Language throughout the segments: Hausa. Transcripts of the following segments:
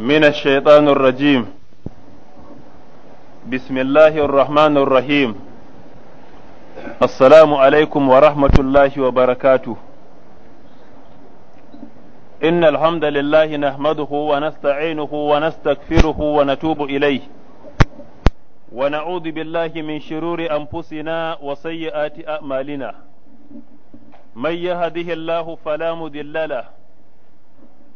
من الشيطان الرجيم بسم الله الرحمن الرحيم السلام عليكم ورحمة الله وبركاته إن الحمد لله نحمده ونستعينه ونستغفره ونتوب إليه ونعوذ بالله من شرور أنفسنا وسيئات أعمالنا من يهده الله فلا مضل له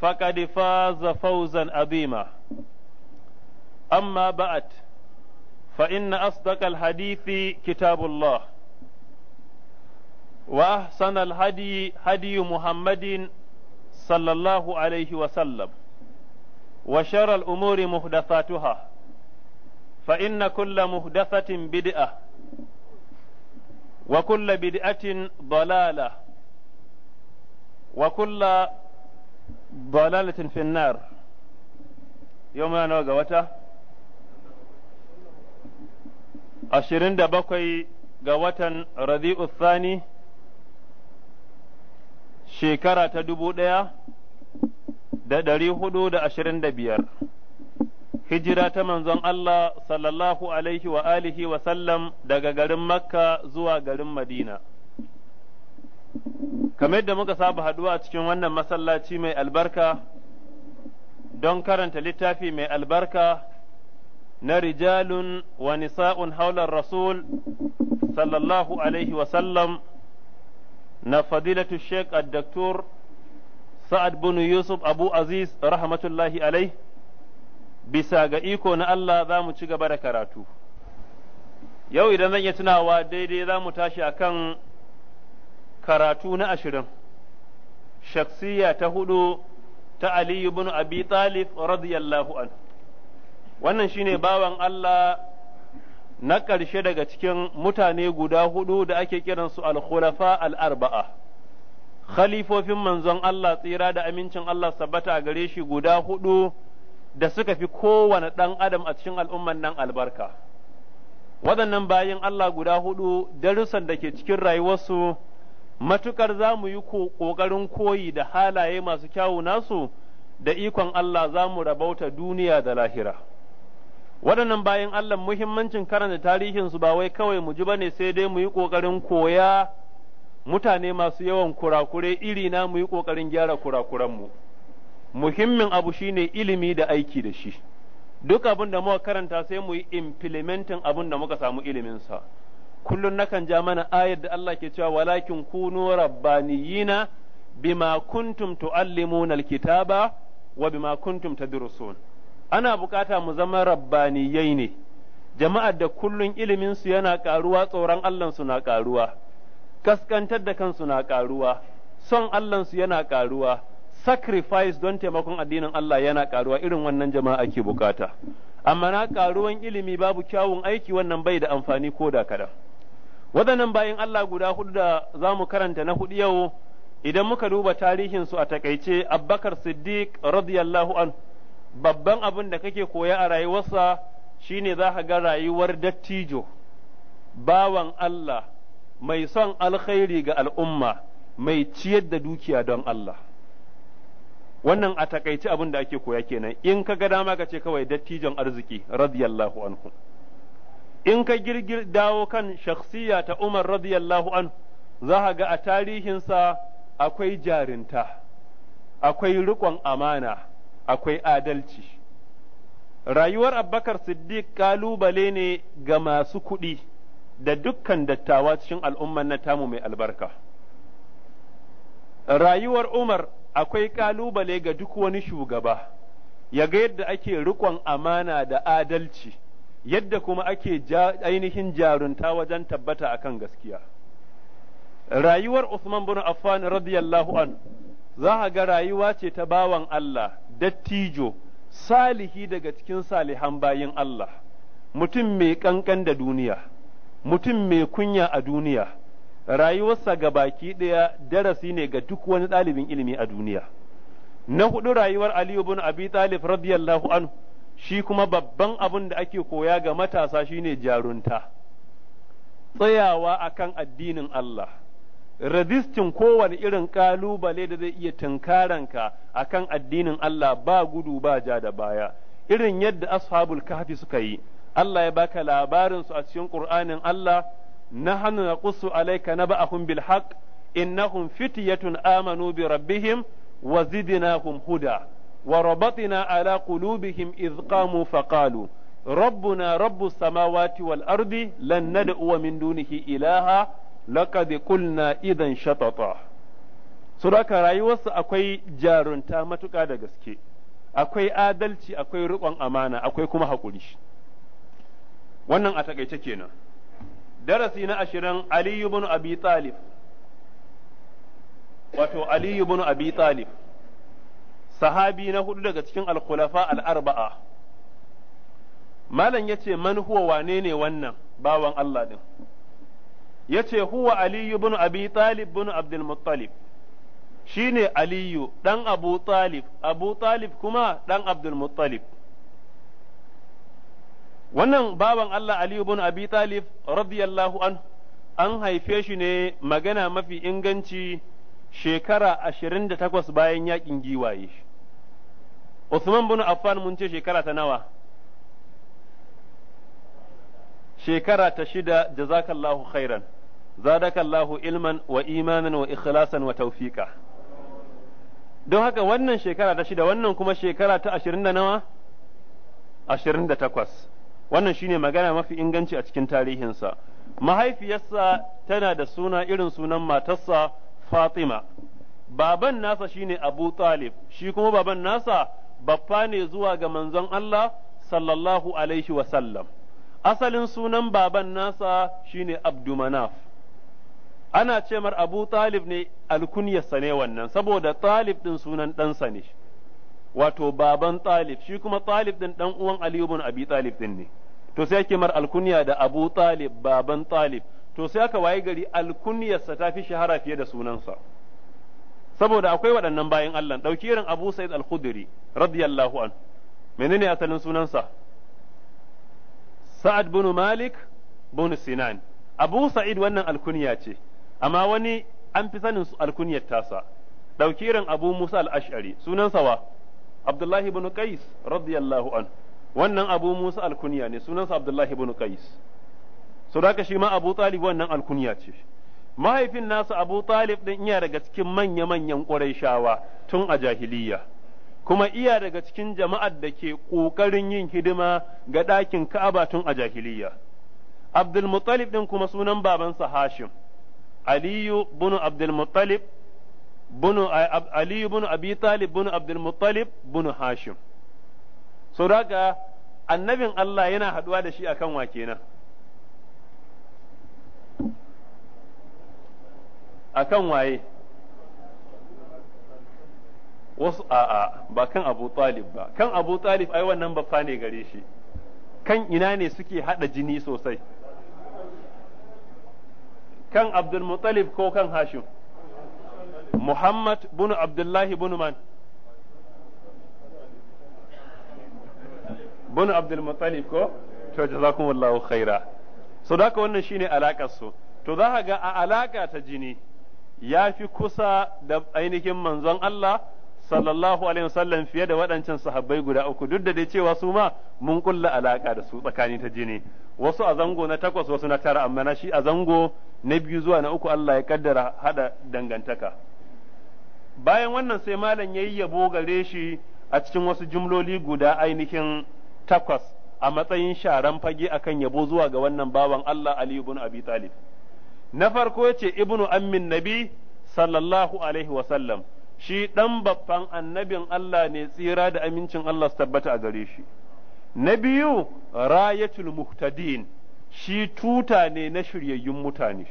فقد فاز فوزا عظيما أما بعد فإن أصدق الحديث كتاب الله وأحسن الهدي هدي محمد صلى الله عليه وسلم وشر الأمور محدثاتها فإن كل محدثة بدعة وكل بدعة ضلالة وكل dalalatin finnar yau muna nawa ga wata ashirin da bakwai ga watan radi'u thani shekara ta dubu ɗaya da ɗari hudu da ashirin da biyar hijira ta manzon Allah sallallahu alaihi wa alihi wa sallam daga garin Makka zuwa garin Madina kamar yadda muka saba haduwa a cikin wannan masallaci mai albarka don karanta littafi mai albarka na rijalun wa nisa'un haular rasul sallallahu alaihi wasallam na fadilatu sheik addaktur sa'ad bin yusuf abu aziz rahmatullahi alaihi bisa ga iko na Allah za mu ci gaba da karatu yau idan zan yi tunawa daidai za mu tashi akan karatu na ashirin shaksiya ta hudu ta aliyu bin Abi Talib radiyallahu an wannan shine bawan Allah na ƙarshe daga cikin mutane guda hudu da ake kiransu al-khulafa al-arba'a khalifofin manzon Allah tsira da amincin Allah sabbata a gare shi guda hudu da suka fi kowane ɗan adam a cikin al'umman nan albarka waɗannan bayan Allah guda hudu darussan da ke cikin rayuwarsu matukar za mu yi ƙoƙarin koyi da halaye masu kyawu nasu da ikon Allah za mu rabauta duniya da lahira. Waɗannan bayan Allah muhimmancin karanta tarihinsu ba wai kawai mu ji ba ne sai dai mu yi ƙoƙarin koya mutane masu yawan kurakure iri na mu yi ƙoƙarin gyara mu. Muhimmin abu shine ilimi da aiki da shi. Duk abin da muka karanta sai mu yi implementing abin da muka samu iliminsa. sa. kullun nakan ja mana ayar da Allah ke cewa walakin kunu rabbaniyina bima kuntum tuallimuna alkitaba wa bima kuntum tadrusun ana bukata mu zama rabbaniyai ne jama'ar da kullun ilimin su yana karuwa tsoron Allah su na karuwa kaskantar da kansu na karuwa son Allah su yana karuwa sacrifice don taimakon addinin Allah yana karuwa irin wannan jama'a ke bukata amma na karuwan ilimi babu kyawun aiki wannan bai da amfani ko da kadan waɗannan bayan Allah guda hudu da za mu karanta na hudu yau idan muka duba tarihinsu a takaice abbakar siddiq radiyallahu an babban abin da kake koya a rayuwarsa shine za ka ga rayuwar dattijo bawan Allah mai son alkhairi ga al'umma mai ciyar da dukiya don Allah wannan a takaice abin da ake koya kenan in ka ga dama ka ce kawai dattijon arziki radiyallahu anhu in ka girgir dawo kan shakhsiya ta Umar radiyallahu an za ka ga a tarihinsa akwai jarinta akwai riƙon amana akwai adalci rayuwar abbakar siddiq kalubale ne ga masu kuɗi da dukkan dattawa cikin al'umman na tamu mai albarka rayuwar umar akwai kalubale ga duk wani shugaba ya ga yadda ake riƙon amana da adalci yadda kuma ake ainihin jarunta wajen tabbata a kan gaskiya rayuwar Usman bin Affan radiyallahu an za a ga rayuwa ce ta bawan Allah dattijo salihi daga cikin salihan bayin Allah mutum mai kankan da duniya mutum mai kunya a duniya rayuwarsa ga baki ɗaya darasi ne ga duk wani ɗalibin ilimi a duniya na hudu rayuwar Aliyu bin Abi Talib radiyallahu anhu shi kuma babban abin da ake koya ga matasa shine jarunta tsayawa akan addinin Allah rajistin kowane irin ƙalubale da zai iya tunkaranka akan addinin Allah ba gudu ba ja da baya irin yadda ashabul kahfi suka yi Allah ya baka labarinsu a cikin Qur'anin Allah na hannu na naqussu alayka naba'ahum bil haqq innahum fityatun amanu bi rabbihim wa zidnahum huda wa rabatna ala qulubihim idh faƙalu Rabbu na Rabbu samawati wal ardi lan nad'u min dunihi ilaha laqad qulna idan shatata su raka rayuwarsu akwai jarunta matuƙa da gaske akwai adalci akwai riƙon amana akwai kuma haƙuri wannan a takaice kenan darasi na ashirin Ali ibn Abi Talib wato Aliyu ibn Abi Talib sahabi na hudu daga cikin al al'arba'a al-arba'a malam yace man huwa wane ne wannan bawan Allah din yace huwa Ali ibn Abi Talib ibn Abdul Muttalib shine Aliyu dan Abu Talib Abu Talib kuma dan Abdul Muttalib wannan bawan Allah Aliyu bin Abi Talib radiyallahu an an haife shi ne magana mafi inganci shekara ashirin da takwas bayan yakin giwaye Usman bin Affan mun ce shekara ta nawa shekara ta shida jazakallahu khairan zadakallahu ilman wa imanan wa ikhlasan wa tawfiqa don haka wannan shekara ta shida wannan kuma shekara ta ashirin da nawa ashirin da takwas wannan shine magana mafi inganci a cikin tarihinsa mahaifiyarsa tana da suna irin sunan matarsa fatima baban nasa shine abu talib shi kuma baban nasa baffa ne zuwa ga manzon Allah sallallahu alaihi wasallam asalin sunan baban nasa shine Abdumanaf ana ce mar Abu Talib ne alkunyarsa ne wannan saboda Talib din sunan ɗansa ne wato baban Talib shi kuma Talib din ɗan uwan Aliyu bin Abi Talib din ne to sai ake mar alkunya da Abu Talib baban Talib to sai aka waye gari alkunyarsa ta fi shahara fiye da sunansa saboda akwai waɗannan bayan Allah ɗauki irin Abu Sa'id Al-Khudri radiyallahu an menene asalin sunansa Sa'ad bin Malik bin Sinan Abu Sa'id wannan alkunya ce amma wani an fi sanin alkunyar tasa ɗauki irin Abu Musa Al-Ash'ari sunansa wa Abdullahi bin Qais radiyallahu an wannan Abu Musa alkunya ne sunansa Abdullahi bin Qais so da shi ma Abu Talib wannan alkunya ce mahaifin nasu Abu Talib din iya daga cikin manya-manyan shawa tun a jahiliya kuma iya daga cikin jama'ar da ke ƙoƙarin yin hidima ga ɗakin Ka'aba tun a jahiliya Abdul Muttalib kuma sunan babansa Hashim Aliyu bunu Abdul Muttalib bin Aliyu bunu Abi Talib bunu Abdul Muttalib Hashim so daga annabin Allah yana haɗuwa da shi akan wa kenan akan waye wasu a'a ba kan abu talib ba kan abu talib ai wannan fa ne gare shi kan ina ne suke hada jini sosai kan abdul muttalib ko kan hashim muhammad bin abdullahi bin man bin abdul ko to jazakumullahu khaira so da wannan shine alakar su to za ka ga a alaka ta jini ya fi kusa da ainihin manzon Allah sallallahu alaihi wasallam fiye da waɗancan sahabbai guda uku duk da dai cewa su ma mun kulla alaka da su tsakani ta jini wasu a zango na takwas wasu na tara amma na shi a zango na biyu zuwa na uku Allah ya kaddara hada dangantaka bayan wannan sai malam yayi yabo gare shi a cikin wasu jumloli guda ainihin takwas a matsayin sharan fage akan yabo zuwa ga wannan bawan Allah Ali ibn Abi Talib na farko yace ibnu ammin nabi sallallahu alaihi wa sallam shi dan babban annabin Allah ne tsira da amincin Allah su tabbata a gare shi na biyu rayatul muhtadin shi tuta ne na shiryayyun mutane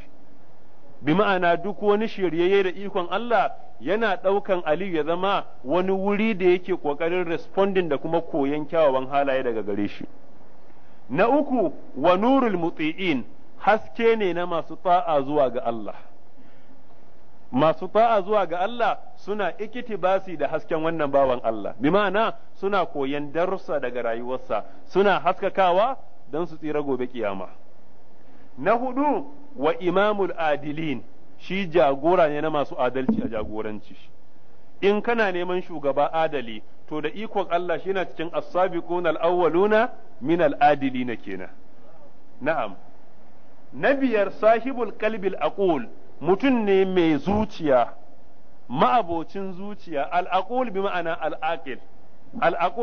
bi ma'ana duk wani shiryayye da ikon Allah yana ɗaukan Aliyu ya zama wani wuri da yake ƙoƙarin responding da kuma koyon kyawawan halaye daga gare shi. Na uku wa nurul mutsi'in haske ne na masu ta'a zuwa ga Allah masu ta'a zuwa ga Allah suna ikitibasi da hasken wannan bawan Allah bi ma'ana suna koyan darussa daga rayuwarsa suna haskakawa don su tsira gobe kiyama na hudu wa imamul adilin shi jagora ne na masu adalci a jagoranci in kana neman shugaba adali to da ikon Allah shi na cikin as-sabiqun al-awwaluna min al-adilina kenan na'am na biyar sahibul kalbil aqul mutum ne mai zuciya ma'abocin zuciya al'aqul bi ma'ana al-aqil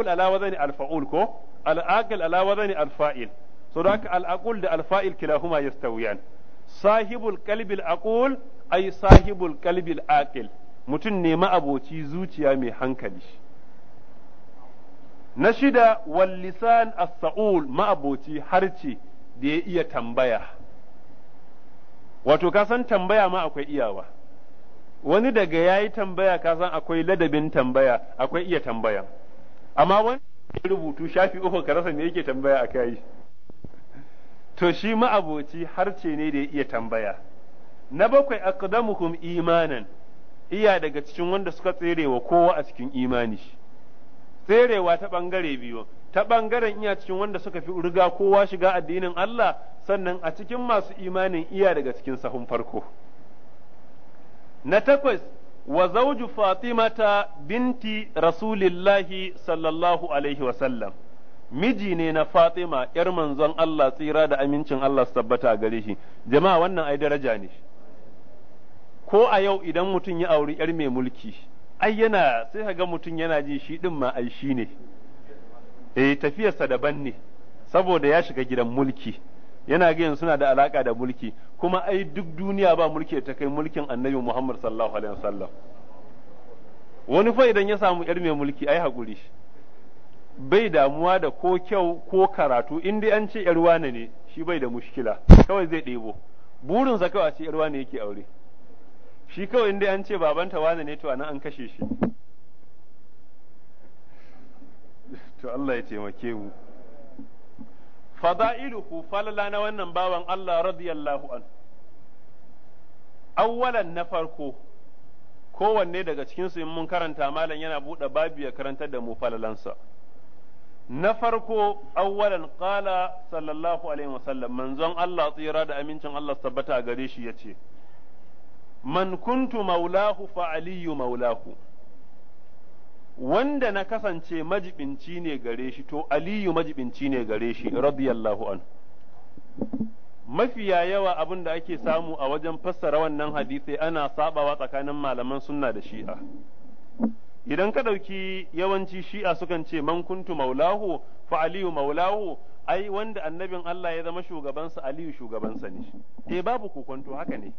ala wazani al-fa'ul ko al ala wazani al-fa'il so da haka al-aqul da al-fa'il kilahuma yastawiyan sahibul kalbil aqul ay sahibul kalbil aqil mutum ne ma'aboci zuciya mai hankali na shida wal lisan as-sa'ul ma'aboci harce da ya iya tambaya wato ka san tambaya ma akwai iyawa wani daga yayi tambaya ka san akwai ladabin tambaya akwai iya tambaya amma wani rubutu shafi uku ka rasa me yake tambaya a kai to shi ma'aboci harce ne da ya iya tambaya na bakwai aqdamukum imanan iya daga cikin wanda suka tserewa kowa a cikin imani tserewa ta bangare biyu ta ɓangaren iya cikin wanda suka fi riga kowa shiga addinin Allah sannan a cikin masu imanin iya daga cikin sahun farko na takwas wa zauju fatimata binti rasulillahi sallallahu alaihi wasallam miji ne na fatima yar manzon Allah tsira da amincin Allah su tabbata gare shi jama'a wannan ai daraja ne ko a yau idan mutum ya auri yar mai mulki ai yana sai ka ga mutum yana ji shi din ma ai shi ne eh tafiyarsa daban ne saboda ya shiga gidan mulki yana ga suna da alaka da mulki kuma ai duk duniya ba mulki ta kai mulkin annabi Muhammad sallallahu alaihi wasallam wani fa idan ya samu yar mai mulki ai hakuri bai damuwa da ko kyau ko karatu in dai an ce yar wane ne shi bai da mushkila kawai zai ɗebo burinsa kawai a ce yar wane yake aure shi kawai in dai an ce babanta wane ne to anan an kashe shi to Allah ya taimake mu fada'iluhu falala na wannan bawan Allah radiyallahu an awwalan na farko kowanne daga cikinsu in mun karanta malam yana buɗe babu ya karantar da mu falalansa na farko awwalan qala sallallahu alaihi wasallam manzon Allah tsira da amincin Allah tabbata a gare shi yace man kuntu maulahu fa aliyu maulahu wanda na kasance majibinci ne gare shi to aliyu majibinci ne gare shi radiyallahu anhu mafiya yawa abin da ake samu a wajen fassara wannan hadisai ana sabawa tsakanin malaman sunna da shi'a idan ka ɗauki yawanci shi'a sukan ce man kuntu maulahu fa aliyu maulahu ai wanda annabin Allah ya zama shugabansa aliyu shugabansa ne eh babu kokonto haka ne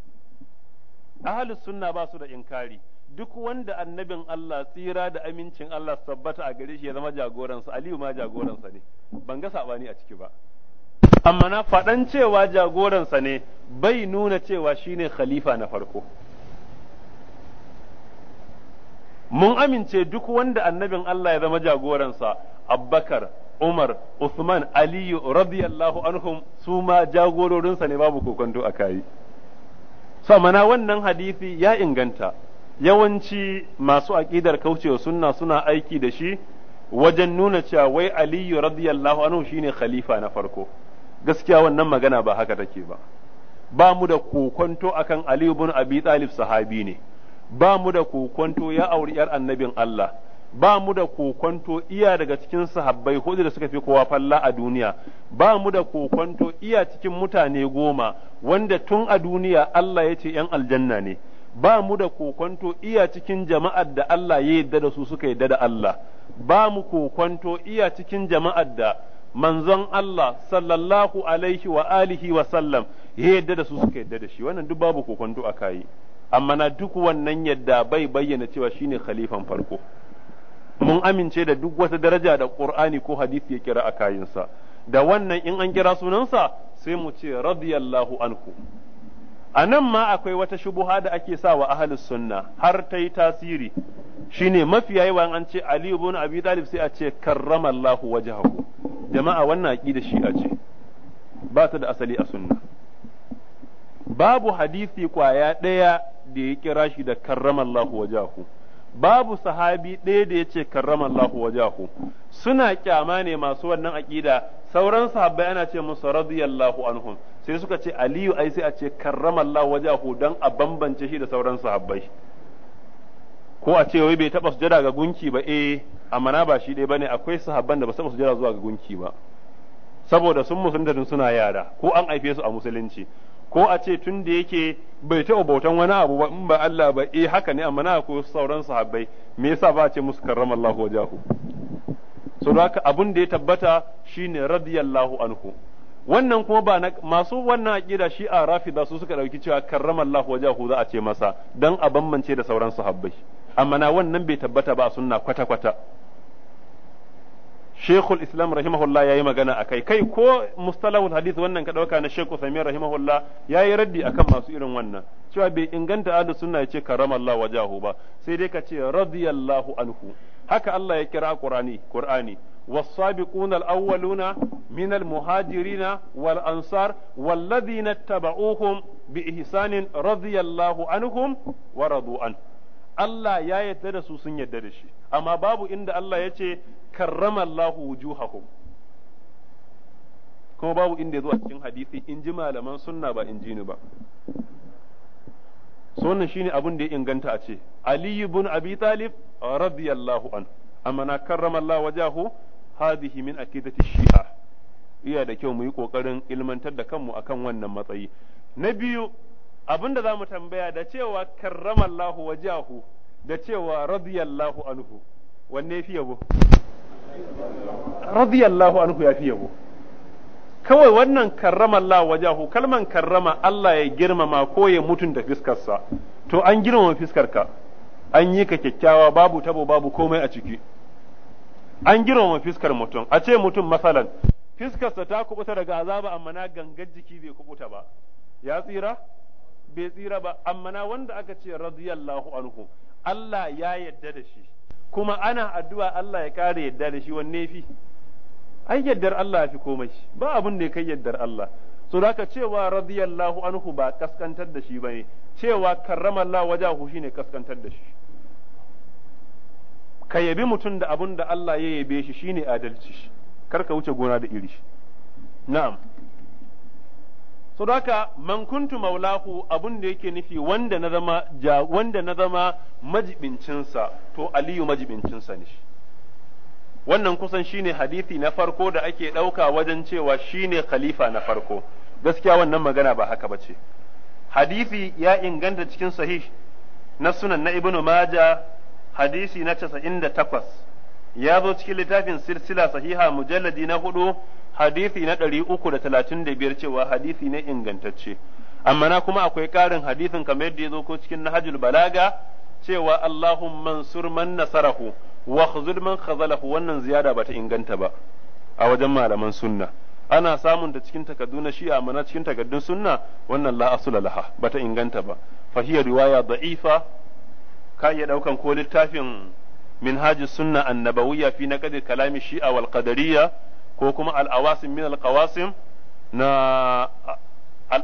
ahlus sunna ba su da inkari duk wanda annabin Allah tsira da amincin Allah tabbata a gare shi ya zama jagoransa Aliyu ma jagoransa ne ban ga sabani a ciki ba amma na faɗan cewa jagoransa ne bai nuna cewa shine khalifa na farko mun amince duk wanda annabin Allah ya zama jagoransa Abubakar Umar Uthman Aliyu radiyallahu anhum su ma jagororinsa ne babu kokonto a kai mana wannan hadisi ya inganta yawanci masu aƙidar kaucewa sunna suna aiki da shi wajen nuna cewa wai aliyu radiyallahu anhu shine khalifa na farko gaskiya wannan magana ba haka take ba ba mu da kokonto akan aliyu bin abi talib sahabi ne ba mu da kokonto ya auri yar annabin Allah ba mu da kokonto iya daga cikin sahabbai hudu da suka fi kowa falla a duniya ba mu da kokonto iya cikin mutane goma wanda tun a duniya Allah ya ce yan aljanna ne ba mu da kokwanto iya cikin jama'ar da Allah ya yarda da su suka yarda da Allah ba mu kokonto iya cikin jama'ar da manzon Allah sallallahu alaihi wa alihi wa sallam ya yarda da su suka yarda da shi wannan duk babu kokonto a kai amma na duk wannan yadda bai bayyana cewa shine khalifan farko mun amince da duk wata daraja da Qur'ani ko hadisi ya kira a kayinsa da wannan in an kira sunansa sai mu ce radiyallahu anhu a nan ma akwai wata shubuha da ake sa wa ahlus sunna har ta yi tasiri shine mafiya yawa an ce Ali ibn Abi Talib sai a ce karramallahu wajhahu jama'a wannan aqida shi a ce ba ta da asali a sunna babu hadisi kwaya ɗaya da ya kira shi da karramallahu wajhahu babu sahabi ɗaya da ya ce Lahu wajahu suna kyama ne masu wannan aƙida sauran sahabbai ana ce musu radiyallahu anhum sai suka ce aliyu ai sai a ce Lahu wajahu don a bambance shi da sauran sahabbai ko a ce wai bai taba jira ga gunki ba eh amana ba shi ɗaya bane akwai sahabban da ba su jira zuwa ga gunki ba saboda sun musulunta suna yara ko an haife su a musulunci ko a ce tun da yake bai taɓa bautan wani abu ba in ba Allah ba eh haka ne amma na ko sauran sahabbai me yasa ba a ce musu karramallahu wajahu so haka abun da ya tabbata shine radiyallahu anhu wannan kuma ba na masu wannan aqida shi a rafida su suka dauki cewa karramallahu wajahu za a ce masa dan a bambance da sauran sahabbai amma na wannan bai tabbata ba sunna kwata kwata Sheikhul Islam ya yi magana akai kai ko mustalahul hadith wannan ka dauka na Sheikh Uthaymeen rahimahullah yayi raddi akan masu irin wannan cewa bai inganta ahlus sunna yace karamallahu wajahu ba sai dai ka ce radiyallahu anhu haka Allah ya kira Qur'ani Qur'ani والسابقون الأولون من المهاجرين والأنصار والذين اتبعوهم بإحسان رضي الله عنهم ورضوا عنه Allah ya yarda da su sun yarda da shi amma babu inda Allah ya ce karrama Allahu wujuhahum kuma babu inda ya zo a cikin hadisi in ji malaman sunna ba in ji ni ba so wannan shine abin da ya inganta a ce Ali ibn Abi Talib radiyallahu an amma na karrama Allah wajahu hadhihi min akidati shi'a iya da kyau mu yi kokarin ilmantar da kanmu akan wannan matsayi na biyu Abin abinda zamu tambaya da cewa karramallahu wajahu da cewa radiyallahu anhu wanne fi yabo radiyallahu anhu ya fi yabo kawai wannan karrama wajahu kalman karrama Allah ya girmama ko ya mutunta fiskarsa to an girmama fiskarka an yi ka kyakkyawa babu tabo babu komai a ciki an girmama fiskar mutum a ce mutum masalan fiskarsa ta kubuta daga azaba amma na gangar jiki bai kubuta ba ya tsira bai tsira ba amma na wanda aka ce radiyallahu anhu Allah ya yadda da shi kuma ana addu'a Allah ya kare yadda da shi wanne fi ai yaddar Allah fi komai ba abun da kai yaddar Allah so da cewa radiyallahu anhu ba kaskantar da shi ba ne cewa karramallahu wajahu shine kaskantar da shi ka yabi mutum da abun da Allah ya yabe shi shine adalci kar ka wuce gona da iri na'am saboda man kuntu maulahu abun da yake nufi wanda na zama wanda na zama majibincinsa to aliyu majibincinsa ne shi wannan kusan shine hadisi na farko da ake ɗauka wajen cewa shine khalifa na farko gaskiya wannan magana ba haka bace hadisi ya inganta cikin sahih na sunan na ibnu maja hadisi na 98 ya zo cikin littafin silsila sahiha mujalladi na hudu hadisi na ɗari uku da talatin da biyar cewa hadisi ne ingantacce amma na kuma akwai ƙarin hadisin kamar yadda ya zo ko cikin nahajul balaga cewa Allahu mansur man nasarahu wa khuzul man khazalahu wannan ziyada bata inganta ba a wajen malaman sunna ana samun ta cikin takaddu na shi'a mana cikin takaddun sunna wannan la asula laha bata inganta ba fa hiya riwaya da'ifa ka iya ɗaukan ko littafin منهاج السنة النبوية في نقد كلام الشيعة والقدرية كوكما الأواسم من القواسم نا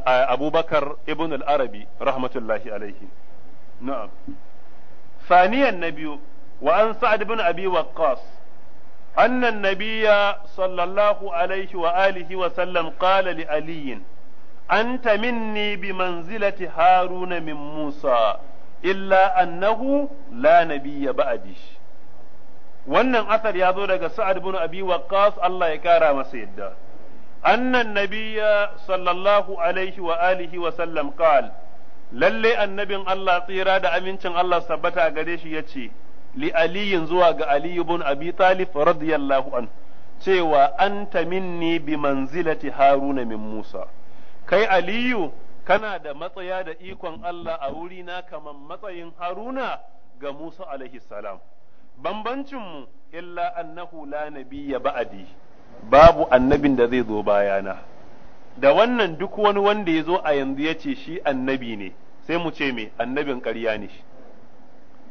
أبو بكر ابن العربي رحمة الله عليه نعم ثانيا النبي وعن سعد بن أبي وقاص أن النبي صلى الله عليه وآله وسلم قال لعلي أنت مني بمنزلة هارون من موسى إلا أنه لا نبي بعدي wannan asar ya zo daga sa'ad bin abi waqqas Allah ya kara masa yadda annan nabiyya sallallahu alaihi wa alihi wa sallam qal lalle annabin Allah tsira da amincin Allah sabbata gare shi yace li aliyin zuwa ga ali ibn abi talib radiyallahu an cewa anta minni bi manzilati haruna min musa kai aliyu kana da matsaya da ikon Allah a wurina kamar matsayin haruna ga musa alaihi salam bambancinmu illa annahu la nabiyya ba'di babu annabin da zai zo bayana da wannan duk wani wanda ya zo a yanzu ya ce shi annabi ne sai mu ce me annabin ƙarya ne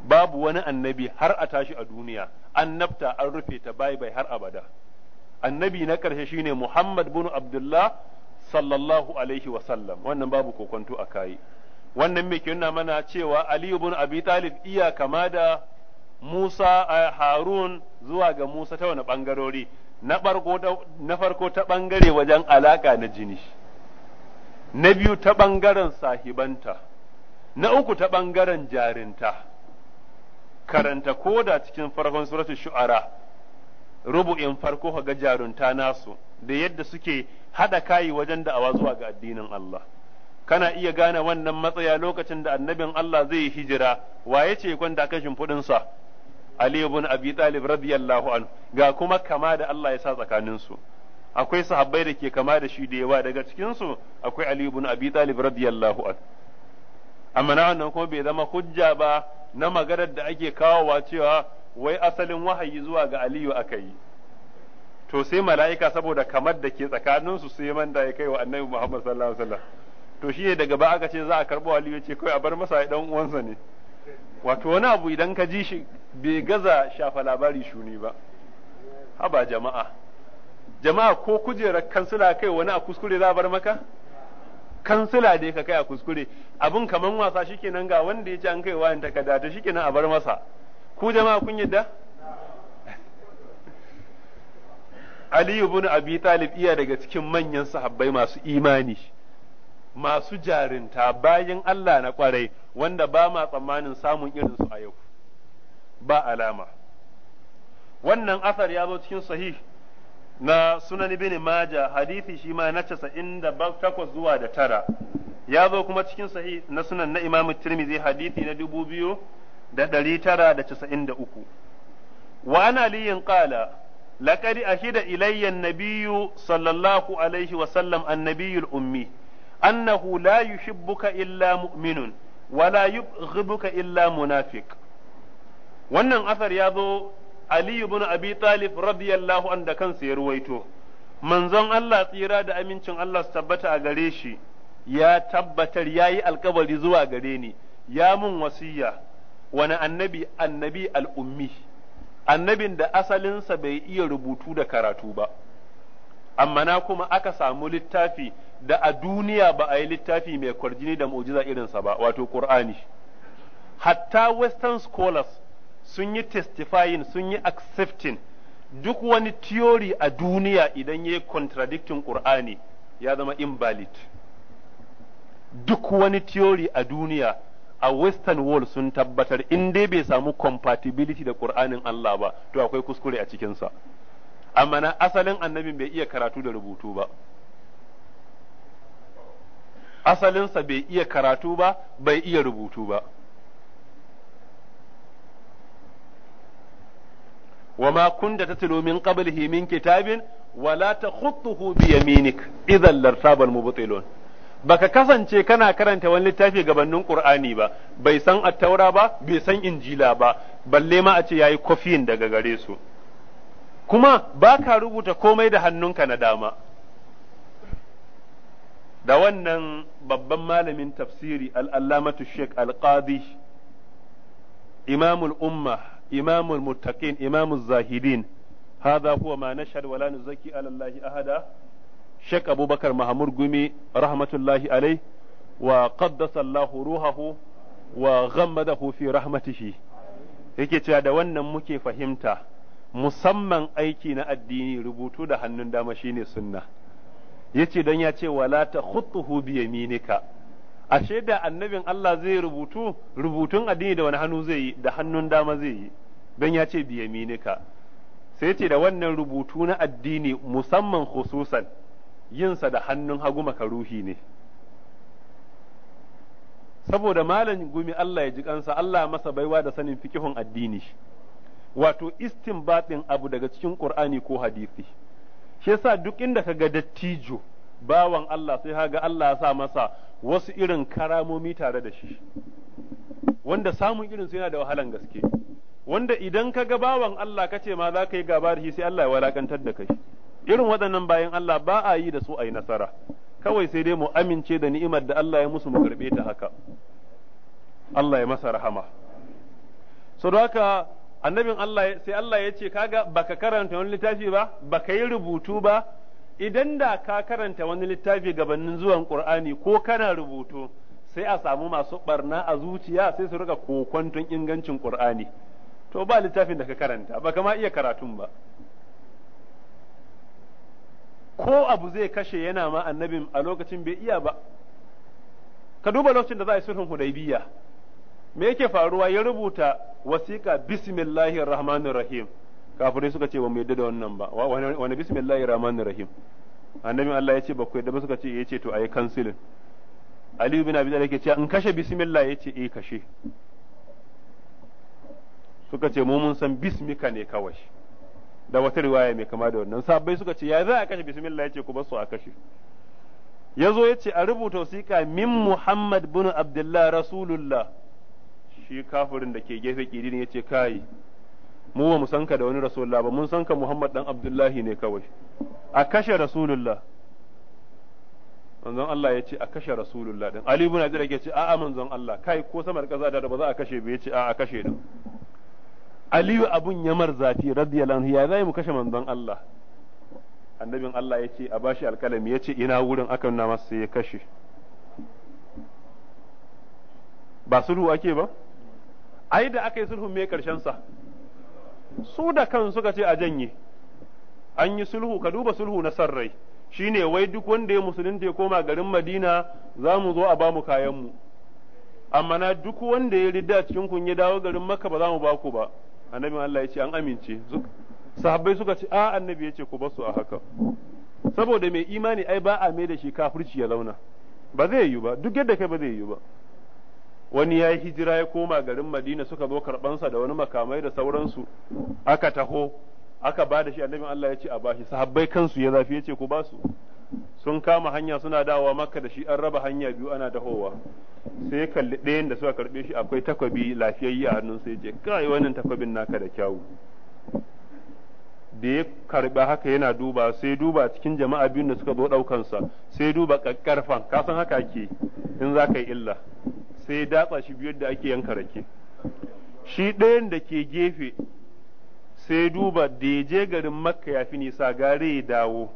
babu wani annabi har a tashi a duniya annabta an rufe ta bai bai har abada annabi na ƙarshe shine Muhammad bin Abdullah sallallahu alaihi wa wannan babu kokonto a kai wannan me ke nuna mana cewa Aliyu bin Abi Talib iya kama da Musa a Harun zuwa ga Musa ta wani bangarori na farko ta bangare wajen alaka na jini na biyu ta bangaren sahibanta na uku ta bangaren jarinta karanta koda cikin farkon suratun shu'ara rubu'in farko ga jarunta nasu da yadda suke haɗa kayi wajen da'awa zuwa ga addinin Allah kana iya gane wannan matsaya lokacin da annabin Allah zai yi hijira waye ce kwanda kashin fudinsa? Ali ibn Abi Talib radiyallahu anhu ga kuma kama da Allah ya sa tsakanin su akwai sahabbai da ke kama da shi da yawa daga cikin su akwai Ali ibn Abi Talib radiyallahu anhu amma na wannan kuma bai zama hujja ba na maganar da ake kawowa cewa wai asalin wahayi zuwa ga Aliyu aka yi to sai mala'ika saboda kamar da ke tsakanin su sai manda ya kai wa Annabi Muhammad sallallahu alaihi wasallam to shi ne daga ba aka ce za a karbo Aliyu ce kai a bar masa dan uwansa ne wato wani abu idan ka ji shi bai gaza shafa labari shuni ba haba jama'a jama'a ko kujerar kansila kai wani a kuskure za a bar maka kansila dai ka kai a kuskure abin kaman wasa shikenan ga wanda ya ci an kai wayan takarda ta shikenan a bar masa ku jama'a kun yadda Ali ibn Abi Talib iya daga cikin manyan sahabbai masu imani masu jarinta bayan Allah na kwarai wanda ba ma tsammanin samun irin su a yau ba alama wannan asar ya zo cikin sahih na sunan ibn maja hadisi shi ma na 98 zuwa da tara ya zo kuma cikin sahih na sunan na imam tirmidhi hadisi na 2993 wa ana liyin kala laqad ahida ilayya an-nabiyyu sallallahu alaihi wa sallam an ummi annahu la yuhibbuka illa mu'minun wa la illa munafiq wannan asar ya zo aliyu ibn Abi Talib radiyallahu an da kansa ya ruwaito manzon Allah tsira da amincin Allah su tabbata a gare shi ya tabbatar yayi alkabari zuwa gare ni ya mun wasiya wani annabi annabi al'ummi annabin da asalinsa bai iya rubutu da karatu ba amma na kuma aka samu littafi da a duniya ba a yi littafi mai kwarjini da mu'jiza irinsa ba wato Qur'ani hatta western scholars sun yi testifying sun yi accepting duk wani theory a duniya idan ya yi contradicting Qur'ani ya zama invalid duk wani theory a duniya a western world sun tabbatar in dai bai samu compatibility da Qur'anin Allah ba to akwai kuskure a cikinsa amma na asalin annabin bai iya karatu da rubutu ba asalinsa bai iya karatu ba bai iya rubutu ba وما كنت تتلو min قبله من ta ولا تخطه بيمينك اذا لارتاب المبطلون baka kasance kana karanta wani littafi gabanin Qur'ani ba bai san attaura ba bai san injila ba balle ma a ce yayi kofin daga gare su kuma baka rubuta komai da hannunka na dama da wannan babban malamin tafsiri al'allamatu sheikh al-qadi imamul umma imamul muttaqin imamul zahidin هذا هو ما نشهد ولا نزكي على الله أحدا شيخ أبو بكر محمود قمي رحمة الله عليه وقدس الله روحه وغمده في رحمته yake cewa da wannan muke fahimta musamman aiki na addini rubutu da hannun dama ne sunna yace dan ya ce wala ta khuttuhu bi yaminika ashe da annabin Allah zai rubutu rubutun addini da wani hannu zai yi da hannun dama zai yi dan ya ce bi yaminika sai ce da wannan rubutu na addini musamman khususan yinsa da hannun hagu makaruhi ne saboda malam gumi Allah ya ji kansa Allah masa baiwa da sanin fikihun addini wato istinbatin abu daga cikin Qur'ani ko hadisi shi yasa duk inda ka ga dattijo bawan Allah sai haga Allah ya sa masa wasu irin karamomi tare da shi wanda samun irin su yana da wahalan gaske wanda idan ka ga bawan Allah kace ma za ka yi gaba da shi sai Allah ya walakantar da kai irin waɗannan bayan Allah ba a yi da su a yi nasara kawai sai dai mu amince da ni'imar da Allah ya musu mu karɓe ta haka Allah ya masa rahama so haka annabin Allah sai Allah ya ce kaga baka karanta wani littafi ba baka yi rubutu ba idan da ka karanta wani littafi gabanin zuwan Qur'ani ko kana rubutu sai a samu masu barna a zuciya sai su rika kokwanton ingancin Qur'ani to ba littafin da ka karanta baka ma iya karatun ba ko abu zai kashe yana ma annabin a lokacin bai iya ba ka duba lokacin da za a yi sulhun Hudaybiyya me yake faruwa ya rubuta wasiƙa bismillahir rahmanir rahim kafirai suka ce ba mu yadda da wannan ba wani bismillahir rahmanir rahim annabi Allah ya ce ba ku yadda ba suka ce yace to ayi kansilin Ali bin Abi Talib ce in kashe bismillah yace eh kashe suka ce mu mun san bismika ne kawai da wata riwaya mai kama da wannan sabbai suka ce ya za a kashe bismillah yace ku bar su a kashe yazo yace a rubuta wasiƙa min Muhammad bin Abdullah Rasulullah shi kafirin da ke gefe kidin ya ce kai mu ba mu san ka da wani rasulullah ba mun san ka Muhammad dan Abdullahi ne kawai a kashe rasulullah manzon Allah ya ce a kashe rasulullah din Ali ibn Abi ya ce a'a manzon Allah kai ko sama da kaza da ba za a kashe ba ya ce a'a kashe din Ali abun yamar zafi radiyallahu anhu ya zai mu kashe manzon Allah annabin Allah ya ce a bashi alkalami ya ce ina wurin aka nuna masa sai ya kashe ba sulhu ake ba ai da aka yi sulhun me karshen sa su da kan suka ce a janye an yi sulhu ka duba sulhu na sarrai shine wai duk wanda ya musulunta ya koma garin Madina za mu zo a bamu kayan mu amma na duk wanda ya ridda cikin kun ya dawo garin Makka ba za mu ba ku ba annabi Allah ya ce an amince sahabbai suka ce a annabi ya ce ku basu a haka saboda mai imani ai ba a mai da shi kafirci ya launa ba zai yiwu ba duk yadda kai ba zai yiwu ba wani ya yi hijira ya koma garin madina suka zo karɓansa da wani makamai da sauransu aka taho aka ba da shi annabin Allah ya ce a bashi sahabbai kansu ya zafi ya ce ku basu sun kama hanya suna dawowa makka da shi an raba hanya biyu ana dahowa sai ya kalli ɗayan da suka karɓe shi akwai takwabi lafiyayye a hannun sai ya ce kai wannan takwabin naka da kyawu da ya karba haka yana duba sai duba cikin jama'a biyun da suka zo ɗaukansa sai duba ƙaƙƙarfan kasan haka ke in za ka yi illa sai datsa shi biyar da ake yanka rake shi ɗayan da ke gefe sai duba da ya je garin makka ya fi nisa gare ya dawo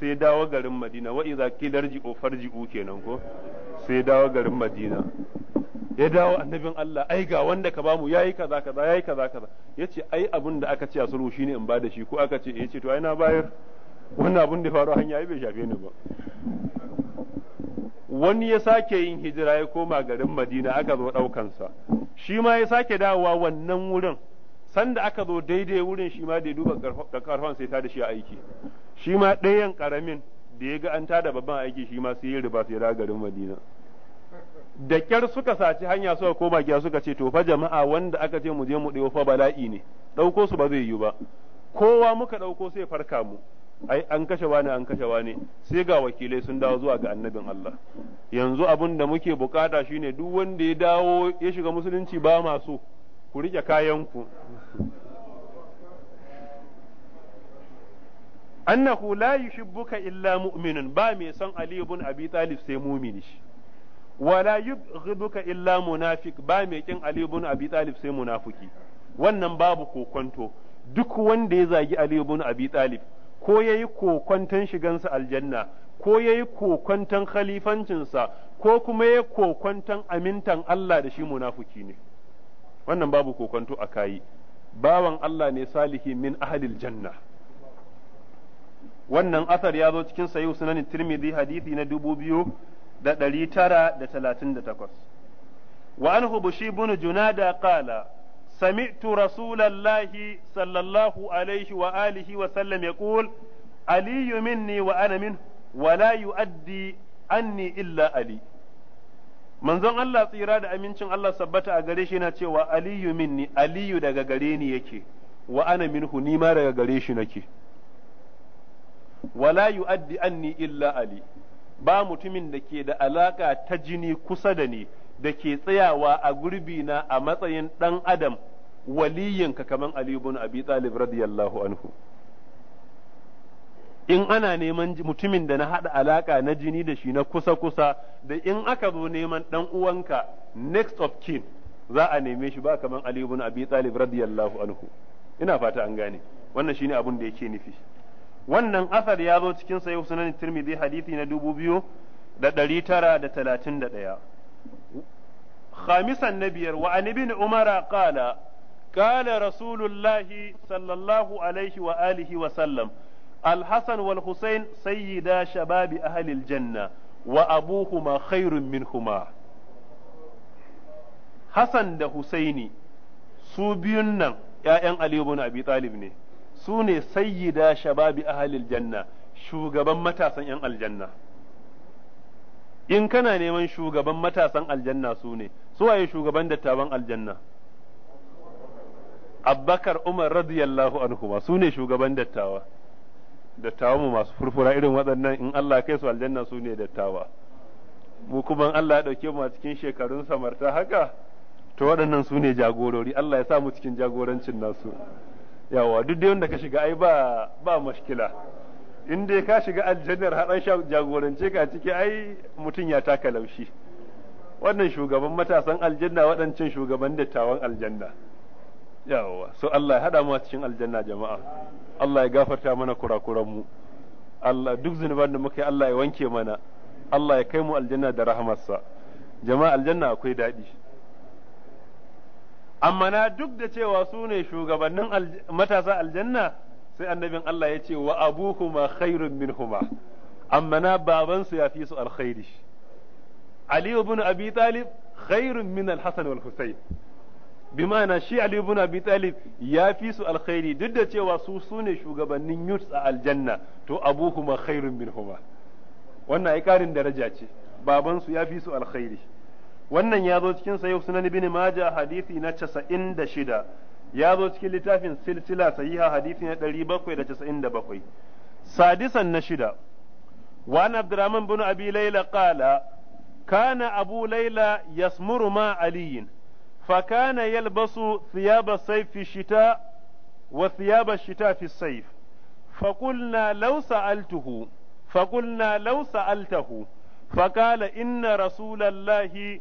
sai dawo garin madina wa iza kilar ofar farji'u kenan ko sai dawo garin madina ya dawo annabin Allah ai ga wanda ka bamu yayi kaza kaza yayi kaza kaza yace ai abin da aka ce a sulhu shine in bada shi ko aka ce eh, yace to ai na bayar wannan abin da faru hanya ai bai shafe ni ba wani ya sake yin hijira ya koma garin Madina aka zo ɗaukansa shi ma ya sake dawowa wannan wurin sanda aka zo daidai wurin shi ma da ya duba da karfan sai ta da shi a aiki shi ma ɗayan karamin da ya ga an tada babban aiki shi ma sai ya riba sai ya garin Madina da kyar suka saci hanya suka koma gida suka ce to fa jama'a wanda aka ce mu je mu ɗewo fa bala'i ne ɗauko su ba zai yiwu ba kowa muka ɗauko sai farka mu ai an kashe wani an kashe wani sai ga wakilai sun dawo zuwa ga annabin Allah yanzu abin da muke bukata shine duk wanda ya dawo ya shiga musulunci ba ma so ku rike kayan ku annahu la yushibbuka illa mu'minun ba mai son Ali ibn Abi Talib sai mumini shi wala yubghiduka illa munafiq ba mai kin Ali ibn Abi Talib sai munafiki wannan babu kokonto duk wanda ya zagi Ali ibn Abi Talib ko yayi kokonton shigansa aljanna ko yayi kokonton khalifancinsa ko kuma yayi kokonton amintan Allah da shi munafiki ne wannan babu kokonto a bawan Allah ne salihi min ahlil janna wannan asar ya zo cikin sahihu sunan tirmidhi hadisi na dubu biyu da ɗari tara da talatin da takwas. Wa an hubushi bin junada ƙala, sami'tu rasulallahi sallallahu alaihi wa alihi wa sallam ya ƙul, aliyu minni wa ana min wa la yu'addi anni illa ali. Manzon Allah tsira da amincin Allah sabbata a gare shi na cewa aliyu minni, aliyu daga gare ni yake, wa ana minhu ni ma daga gare shi nake. Wala yu'addi anni illa ali. ba mutumin da ke da alaka ta jini kusa da ni da ke tsayawa a gurbi na a matsayin ɗan adam waliyinka kaman Ali ibn Abi Talib radiyallahu anhu in ana neman mutumin da na haɗa alaka na jini da shi na kusa-kusa da in aka zo neman ɗan uwanka next of kin za a neme shi ba kaman Ali ibn Abi Talib radiyallahu anhu ina fata an gane wannan shine abun da yake nufi wannan asar ya zo cikin sayi sunan tirmidhi hadisi na dubu biyu da ɗari tara da talatin da ɗaya khamisan na biyar wa an ibn umara qala rasulullahi sallallahu alaihi wa alihi wa sallam الحسن والحسين سيدا شباب أهل الجنة وأبوهما خير منهما حسن ده حسيني su biyun nan ‘ya'yan Aliyu bin Abi Talib ne, su ne sayyida shababi ahalil janna shugaban matasan 'yan aljanna in kana neman shugaban matasan aljanna su ne waye shugaban dattawan aljanna abbakar umar radiyallahu anhu ma su ne shugaban dattawa dattawa mu masu furfura irin waɗannan in Allah kai su aljanna su ne dattawa mu kuma Allah ya ɗauke mu a cikin shekarun samarta haka to waɗannan su ne jagorori Allah ya sa mu cikin jagorancin nasu yawa duk da wanda ka shiga ai ba ba mashkila in dai ka shiga aljannar da jagorance ka ciki ai mutum ya taka laushi wannan shugaban matasan aljanna waɗancan shugaban dattawan aljanna yawa so Allah ya haɗa mu cikin aljanna jama'a Allah ya gafarta mana kurakuran mu Allah duk zunuban da muka yi Allah ya wanke mana Allah ya kai mu aljanna da rahamarsa jama'a aljanna akwai daɗi amma na duk da cewa su ne shugabannin matasa aljanna sai annabin Allah ya ce wa abuhuma khairun minhuma amma na babansu ya fi su alkhairi Ali ibn Abi Talib khairun min al-Hasan wal Husayn bi ma'ana shi Ali ibn Abi Talib ya fi su alkhairi duk da cewa su su ne shugabannin youths a aljanna to abuhuma khairun minhuma wannan ai karin daraja ce babansu ya fi su alkhairi wannan ya zo cikin sayi sunan ibn majah hadisi na 96 ya zo cikin littafin silsila sahiha hadisi na 797 sadisan na shida wa an abdurrahman bin abi layla qala kana abu layla yasmuru ma ali fakana yalbasu thiyaba sayfi shita wa thiyaba shita fi sayf فقلنا لو سألته فقلنا لو سألته فقال إن رسول الله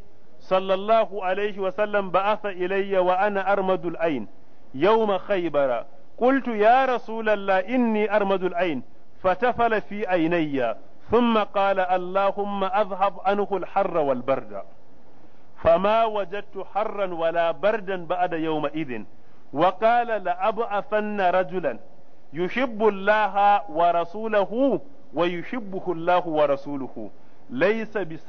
sallallahu alaihi wasallam ba asa ilayya wa ana armadul ain yawma khaybara qultu ya rasulallah inni armadul ain fatafala fi ainayya thumma qala allahumma adhhab anhu al harra wal barda fama wajadtu harran wala bardan ba'da yawma idhin wa qala la ab'athanna rajulan yuhibbu allah wa rasulahu wa yuhibbu allah wa rasuluhu laysa bi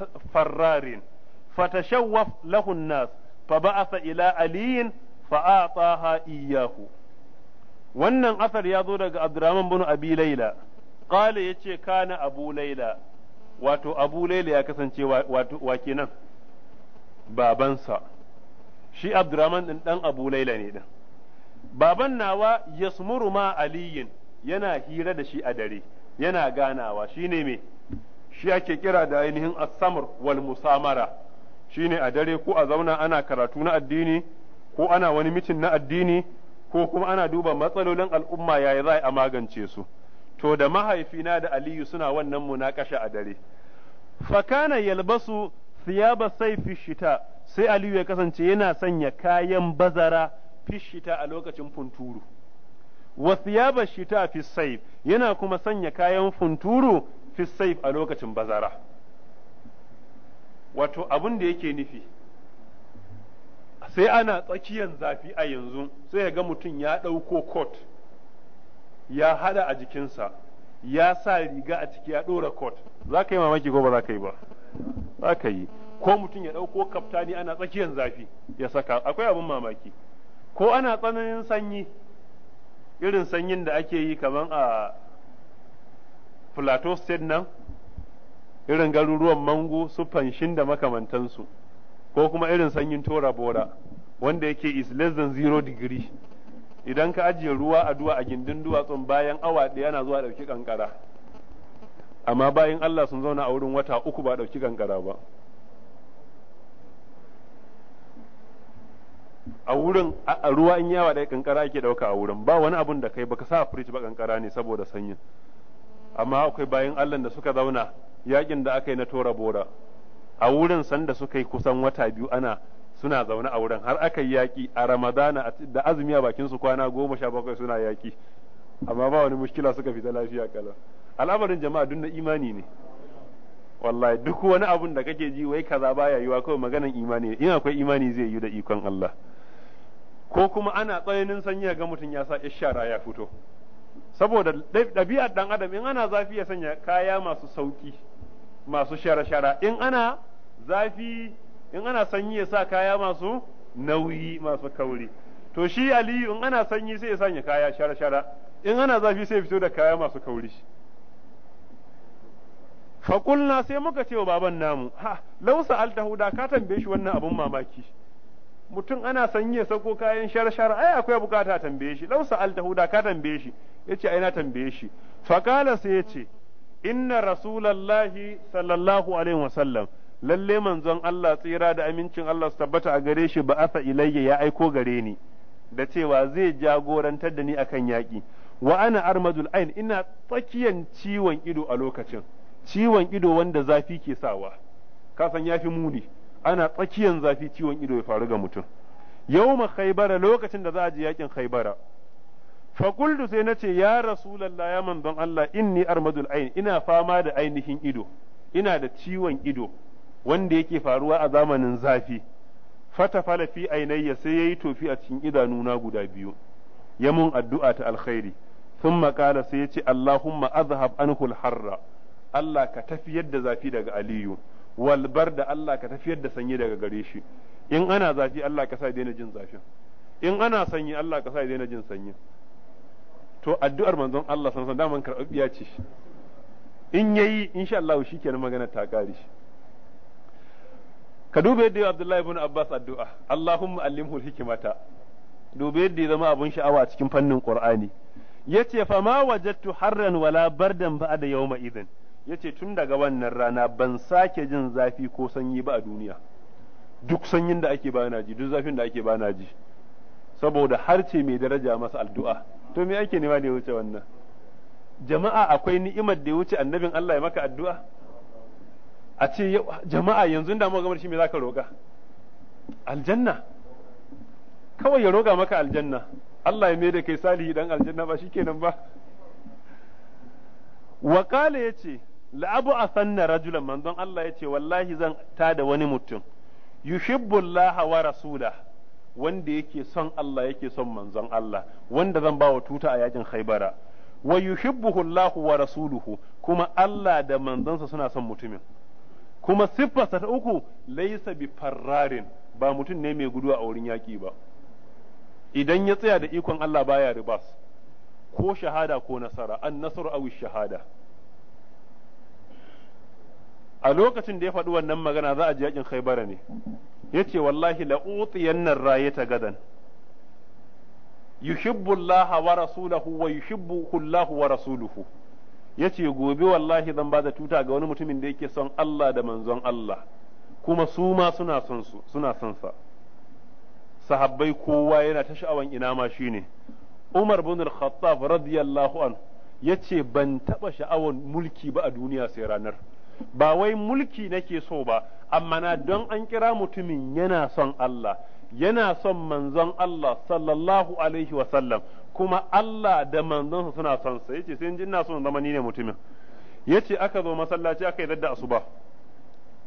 fatashawwaf lahu an-nas fa ba'atha ila aliyin fa wannan asar ya zo daga Abdurrahman bin Abi Laila qala yace kana Abu Laila wato Abu Laila ya kasance wato wa kenan babansa shi Abdurrahman din dan Abu Laila ne din baban nawa yasmuru ma aliyin yana hira da shi a dare yana ganawa shine me shi ake kira da ainihin as-samr wal musamara shine a dare ko a zauna ana karatu na addini ko ana wani mitin na addini ko kuma ana duba matsalolin al'umma yayi za a magance su to da mahaifina da aliyu suna wannan munakasha a dare fakana yalbasu thiyaba sayfi shita sai aliyu ya kasance yana sanya kayan bazara fishita a lokacin funturu wa thiyaba shita fi sayf yana kuma sanya kayan funturu fi sayf a lokacin bazara wato abin da yake nufi sai ana tsakiyan zafi a yanzu sai ya ga mutum ya ɗauko kot ya hada a jikinsa ya sa riga a ciki ya ɗora kot za ka yi mamaki ko ba za ka yi ba za ka yi ko mutum ya ɗauko kaftani ana tsakiyan zafi ya saka akwai abin mamaki ko ana tsananin sanyi irin sanyin da ake yi kamar a plateau state nan irin garuruwan mangu su fanshin da makamantansu ko kuma irin sanyin tora bora wanda yake is less than zero degree idan ka ajiye ruwa a duwa a gindin duwatsun bayan awa ɗaya yana zuwa ɗauki kankara amma bayan Allah sun zauna a wurin wata uku ba ɗauki kankara ba a wurin a ruwa in yawa ɗaya kankara ake ɗauka a wurin ba wani abun da kai baka sa firij ba kankara ne saboda sanyin amma akwai bayan Allah da suka zauna yakin da aka yi na tora bora a wurin sanda suka yi kusan wata biyu ana suna zaune a wurin har aka yi yaki a ramadana da azumi a bakin su kwana goma sha bakwai suna yaki amma ba wani mushkila suka fita lafiya kala al'amarin jama'a duk na imani ne wallahi duk wani abun da kake ji wai kaza baya yiwa kawai maganan imani ne in akwai imani zai yi da ikon Allah ko kuma ana tsananin sanyi ga mutum ya sa ishara ya fito saboda ɗabi'ar dan adam in ana zafi ya sanya kaya masu sauki masu shara-shara in ana zafi in ana sanyi ya sa kaya masu nauyi masu kauri to shi aliyu in ana sanyi sai ya sanya kaya shara-shara in ana zafi sai fito da kaya masu kauri faƙulna sai muka ce wa baban namu ha lausa altahu da ka tambaye shi wannan abun mamaki mutum ana sanyi ya sako kayan shara-shara ai akwai bukata tambaye shi lausa altahu da ka tambaye shi yace ai na tambaye shi faƙala sai ce. inna rasulallahi sallallahu alaihi wasallam lalle manzon Allah tsira da amincin Allah su tabbata a gare shi ba asa ilayya ya aiko gare ni da cewa zai jagorantar da ni akan yaƙi wa ana armadul ain ina tsakiyan ciwon ido a lokacin ciwon ido wanda zafi ke sawa kasan yafi muni ana tsakiyan zafi ciwon ido ya faru ga mutum yawma khaybara lokacin da za a je yakin khaybara fakultu sai na ce ya rasulallah ya manzon Allah inni armadul ain ina fama da ainihin ido ina da ciwon ido wanda yake faruwa a zamanin zafi fata fi ainayya sai yayi tofi a cikin idanuna guda biyu ya mun addu'a ta alkhairi ثم sai سيتي allahumma azhab عنه الحر Allah ka tafiyar da zafi daga Aliyu walbar da Allah ka tafiyar da sanyi daga gare shi in ana zafi Allah ka sa daina jin zafin in ana sanyi Allah ka sa daina jin sanyi to addu'ar manzon Allah sallallahu alaihi wasallam daman ce in yayi insha Allah shi kenan magana ta kare shi ka dube yadda Abdullahi ibn Abbas addu'a Allahumma allimhu hikimata dube yadda ya zama abun sha'awa a cikin fannin Qur'ani yace fa ma wajadtu harran wala bardan ba'da yawma Ya yace tun daga wannan rana ban sake jin zafi ko sanyi ba a duniya duk sanyin da ake ba na ji duk zafin da ake ba na ji saboda harce mai daraja masa addu'a to me ake nema da ya wuce wannan jama'a akwai ni'imar da ya wuce annabin Allah ya maka addu'a a ce jama'a yanzu da gamar shi me zaka roka aljanna kawai ya roga maka aljanna Allah ya da kai salihi dan aljanna ba shikenan ba wa qala yace la'abu asanna rajulan manzon Allah yace wallahi zan tada wani mutum yuhibbu Allah wa rasulahu wanda yake son Allah yake son manzon Allah wanda zan ba wa tuta a yakin Khaibara wa yuhibbuhu Allahu wa rasuluhu kuma Allah da manzonsa suna son mutumin kuma siffarsa ta uku laisa bi farrarin ba mutum ne mai gudu a wurin yaƙi ba idan ya tsaya da ikon Allah baya ribas ko shahada ko nasara an nasaru aw shahada a lokacin da ya faɗi wannan magana za a ji yakin khaibara ne yace wallahi la utiyanna rayata gadan yuhibbu Allah wa rasuluhu wa yuhibbuhu Allah wa rasuluhu yace gobe wallahi zan ba da tuta ga wani mutumin da yake son Allah da manzon Allah kuma su ma suna son su suna son sa sahabbai kowa yana ta sha'awan ina ma shine Umar bin al-Khattab radiyallahu an yace ban taba sha'awan mulki ba a duniya sai ranar ba wai mulki nake so ba amma na don an kira mutumin yana son Allah yana son manzon Allah sallallahu alaihi wa sallam kuma Allah da manzonsa suna son sa yace sai na son zama ni ne mutumin yace aka zo masallaci aka yi da asuba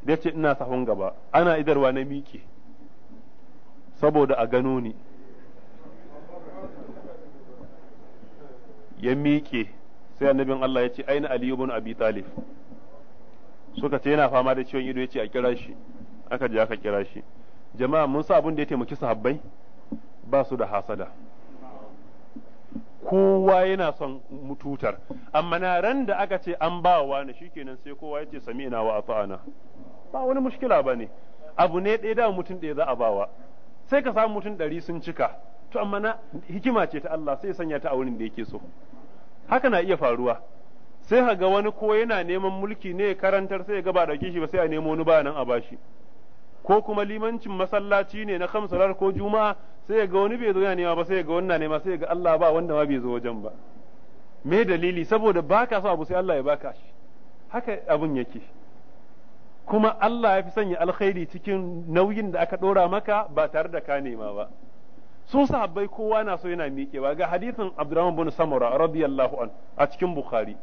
yace ina sahun gaba ana idarwa na miƙe saboda a gano ni ya miƙe sai annabin Allah ya ce aina Ali ibn Abi Talib suka ce yana fama da ciwon ido ya ce a kira shi aka je aka kira shi jama'a mun sa abin da ya taimaki sahabbai ba su da hasada kowa yana son mututar amma na ran da aka ce an ba wa ne shikenan sai kowa ya ce ina wa ata'ana ba wani mushkila ba ne abu ne ɗaya da mutum ɗaya za a bawa sai ka samu mutum ɗari sun cika to amma na hikima ce ta Allah sai sanya ta a wurin da yake so haka na iya faruwa sai ka ga wani ko yana neman mulki ne karantar sai ga ba dauke shi ba sai a nemo wani ba nan a bashi ko kuma limancin masallaci ne na kamsalar ko juma'a sai ga wani bai zo yana nema ba sai ga wannan nema sai ga Allah ba wanda ma bai zo wajen ba me dalili saboda baka so abu sai Allah ya baka shi haka abun yake kuma Allah ya fi sanya alkhairi cikin nauyin da aka dora maka ba tare da ka nema ba su sahabbai kowa na so yana miƙewa ga hadisin Abdurrahman bin Samura radiyallahu an a cikin Bukhari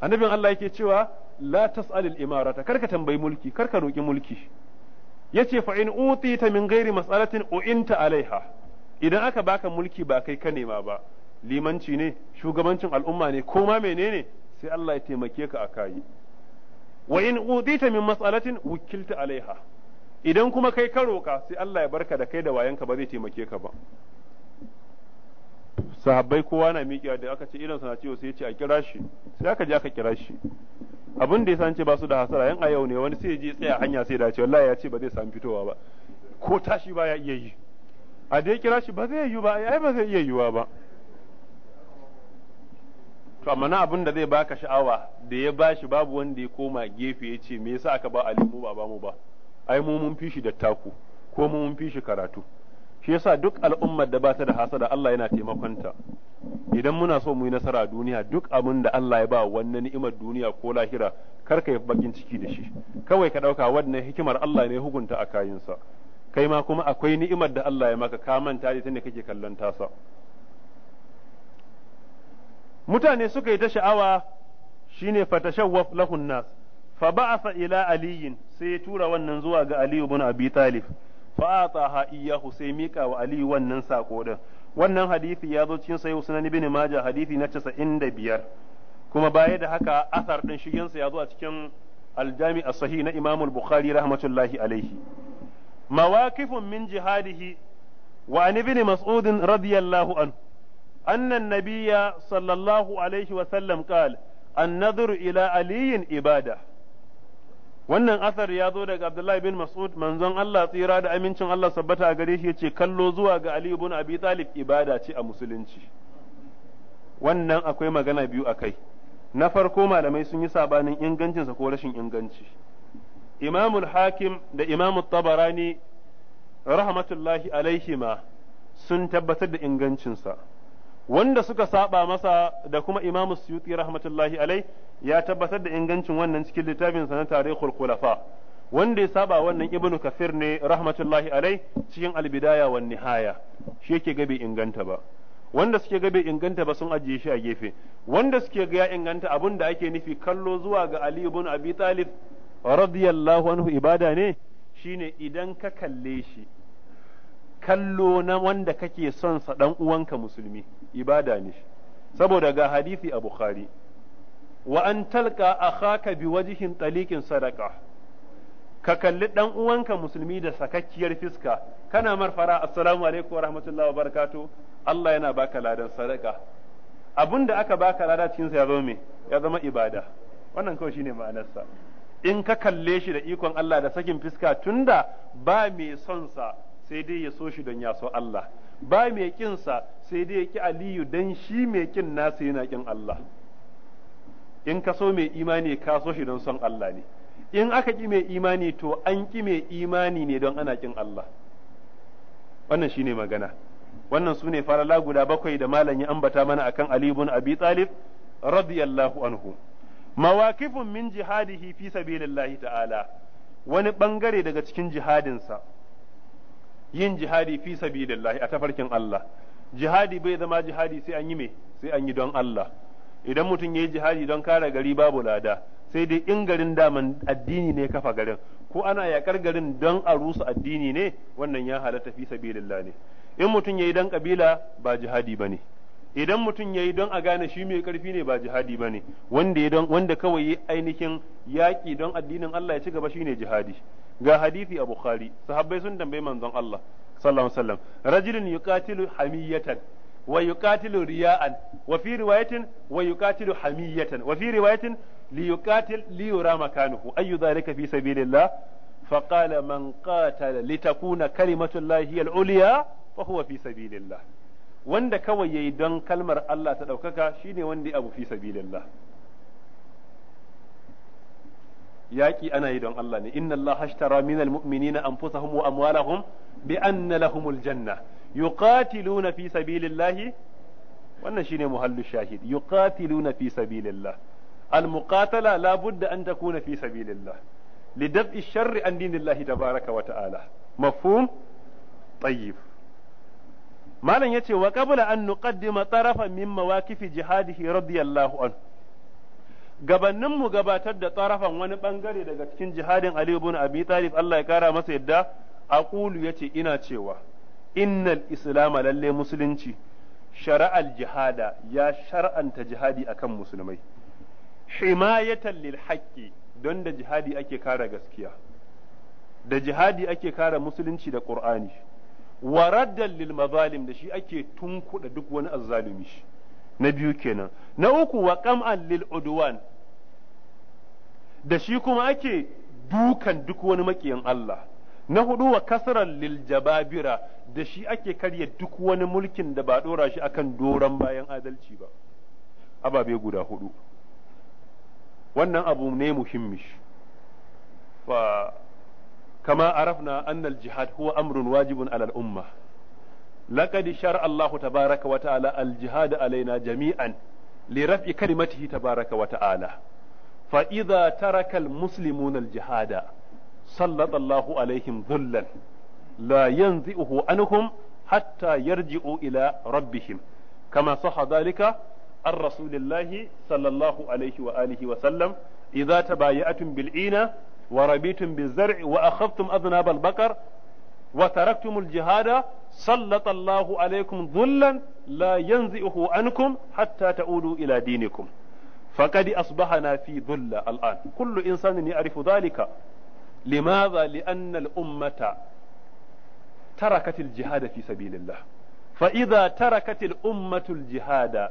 annabin Allah yake cewa la tas'alil imarata karka tambayi mulki karka roki mulki yace fa in utita min ghairi mas'alatin uinta alaiha idan aka baka mulki ba kai ka nema ba limanci ne shugabancin al'umma ne ko ma menene sai Allah ya taimake ka a kayi wa in utita min mas'alatin wukilta alaiha idan kuma kai ka roka sai Allah ya barka da kai da wayanka ba zai taimake ka ba sahabbai kowa na miƙewa da aka ce irin suna ciwo sai ya ce a kira shi sai aka je aka kira shi abin da ya san ce ba su da hasara yan a yau ne wani sai ya je tsaya hanya sai da ce wallahi ya ce ba zai samu fitowa ba ko tashi ba ya iya yi a dai kira shi ba zai yi ba ai ba zai iya yiwa ba to amma na abin da zai baka sha'awa da ya bashi babu wanda ya koma gefe ya ce me yasa aka ba alimu ba ba mu ba ai mu mun fi shi da taku ko mu mun fi shi karatu shi yasa duk al'ummar da bata da hasada Allah yana taimakonta idan muna so mu yi nasara a duniya duk abin da Allah ya ba wannan ni'imar duniya ko lahira kar ka yi bakin ciki da shi kawai ka dauka wannan hikimar Allah ne hukunta a kayinsa kai ma kuma akwai ni'imar da Allah ya maka ka manta da tunda kake kallon tasa mutane suka yi ta sha'awa shine fatashawwaf lahun nas fa ba'atha ila aliyin sai ya tura wannan zuwa ga aliyu ibn Abi Talib fa ataha sai mika wa ali wannan sako din wannan hadisi ya zo cikin sahih sunan ibn majah hadisi na 95 kuma baya da haka athar din shigen sa ya zo a cikin aljami as-sahih na imam al-bukhari rahmatullahi alaihi mawaqifun min jihadihi wa an ibn mas'ud radiyallahu anhu Nabiyya sallallahu alaihi wa sallam وسلم an النظر ila علي إبادة wannan asar ya zo daga Abdullahi bin Mas'ud manzon Allah tsira da amincin Allah sabbata a gare shi yace kallo zuwa ga Ali ibn Abi Talib ibada ce a musulunci wannan akwai magana biyu akai na farko malamai sun yi sabanin ingancinsa ko rashin inganci Imamul Hakim da Imam Tabarani rahmatullahi alaihima sun tabbatar da ingancinsa wanda suka saba masa da kuma Imam Suyuti rahmatullahi alai ya tabbatar da ingancin wannan cikin littafin sa na Tarikhul Khulafa wanda ya saba wannan Ibn Kafir ne rahmatullahi alai cikin Al-Bidaya wan Nihaya shi yake gabe inganta ba wanda suke gabe inganta ba sun ajiye shi a gefe wanda suke ga ya inganta abun da ake nufi kallo zuwa ga Ali ibn Abi Talib radiyallahu anhu ibada ne shine idan ka kalle shi kallo na wanda kake son sa dan uwanka musulmi ibada ne saboda ga hadisi a bukhari wa an talqa akhaka bi wajhin taliqin sadaqa ka kalli dan uwanka musulmi da sakakkiyar fiska kana marfara assalamu alaikum wa rahmatullahi wa barakatuh Allah yana baka ladan sadaka abinda da aka baka lada cikin sa ya zama me ya zama ibada wannan kawai shine ma'anarsa in ka kalle shi da ikon Allah da sakin fiska tunda ba mai son sa sai dai ya so shi don ya so Allah ba mai kinsa sai dai ya ki aliyu don shi mai kin nasa yana kin Allah in ka so mai imani ka so shi don son Allah ne in aka ki mai imani to an ki mai imani ne don ana kin Allah wannan shi ne magana wannan su ne farala guda bakwai da malam ya ambata mana akan alibun ibn Abi Talib radiyallahu anhu mawakifun min jihadihi fi sabilillahi ta'ala wani bangare daga cikin jihadinsa yin jihadi fi sabilillahi a tafarkin Allah jihadi bai zama jihadi sai an yi me sai an yi don Allah idan mutum yayi jihadi don kare gari babu lada sai dai in garin daman addini ne kafa garin ko ana yakar garin don a rusa addini ne wannan ya halatta fi sabilillah ne in mutum yayi don kabila ba jihadi bane idan mutum yayi don a gane shi mai karfi ne ba jihadi bane wanda ya don wanda kawai ainihin yaki don addinin Allah ya ci gaba shine jihadi ga hadisi a bukhari sahabbai sun tambayi manzon Allah sallallahu alaihi wasallam rajulun yuqatilu hamiyatan wa yuqatilu riya'an wa fi riwayatin wa yuqatilu hamiyatan wa fi riwayatin li yuqatil li yura makanuhu ayu dhalika fi sabilillah فقال من قاتل لتكون كلمة الله هي العليا فهو في سبيل الله wanda kawai yayi don kalmar Allah ta ɗaukaka shine wanda abu fi sabilillah Yaƙi ana yi don Allah ne inna Allah hashtara minal mu'minina anfusahum wa amwalahum bi anna lahumul janna yuqatiluna fi sabilillahi wannan shine muhallu shahid yuqatiluna fi sabilillah al la budda an takuna fi sabilillah lidaf'i sharri an dinillahi tabaraka wa ta'ala mafhum tayyib malam yace wa qabla an nuqaddima tarafan min mawaqifi jihadihi radiyallahu anhu Gabanninmu gabatar da tsarafan wani bangare daga cikin jihadin Ali ibn Abi Talib Allah ya kara masa yadda aqulu yace ina cewa innal islam lalle musulunci shara'al jihada ya shar'anta jihadi akan musulmai himayatan lil haqqi don da jihadi ake kara gaskiya da jihadi ake kara musulunci da qur'ani wa raddan lil mazalim da shi ake tunkuda duk wani azzalumi shi na biyu kenan na uku wa kam'an lil udwan da shi kuma ake dukan duk wani makiyin Allah na hudu wa kasran lil jababira da shi ake karya duk wani mulkin da ba dora shi akan doron bayan adalci ba ababe guda hudu wannan abu ne muhimmi fa kama arafna annal jihad huwa amrun wajibun alal umma laqad shar Allahu tabaraka wa ta'ala al alaina jami'an lirafi raf'i kalimatihi tabaraka wa ta'ala fa idza taraka al muslimuna al sallata Allahu alaihim dhullan la yanzi'uhu anhum hatta yarji'u ila rabbihim kamar sahha dhalika an rasulillahi sallallahu alaihi wa alihi wa sallam idza tabaya'tum bil ina wa rabitum bil wa akhadhtum adnab al wa taraktumul jihada sallata Allahu alaikum dhullan la yanzihu ankum hatta ta'udu ila dinikum faqad asbahana fi dhulla al'an kullu insanin ya'rifu dhalika limadha li'anna ummata تركت الجهاد في سبيل الله فإذا تركت الأمة الجهاد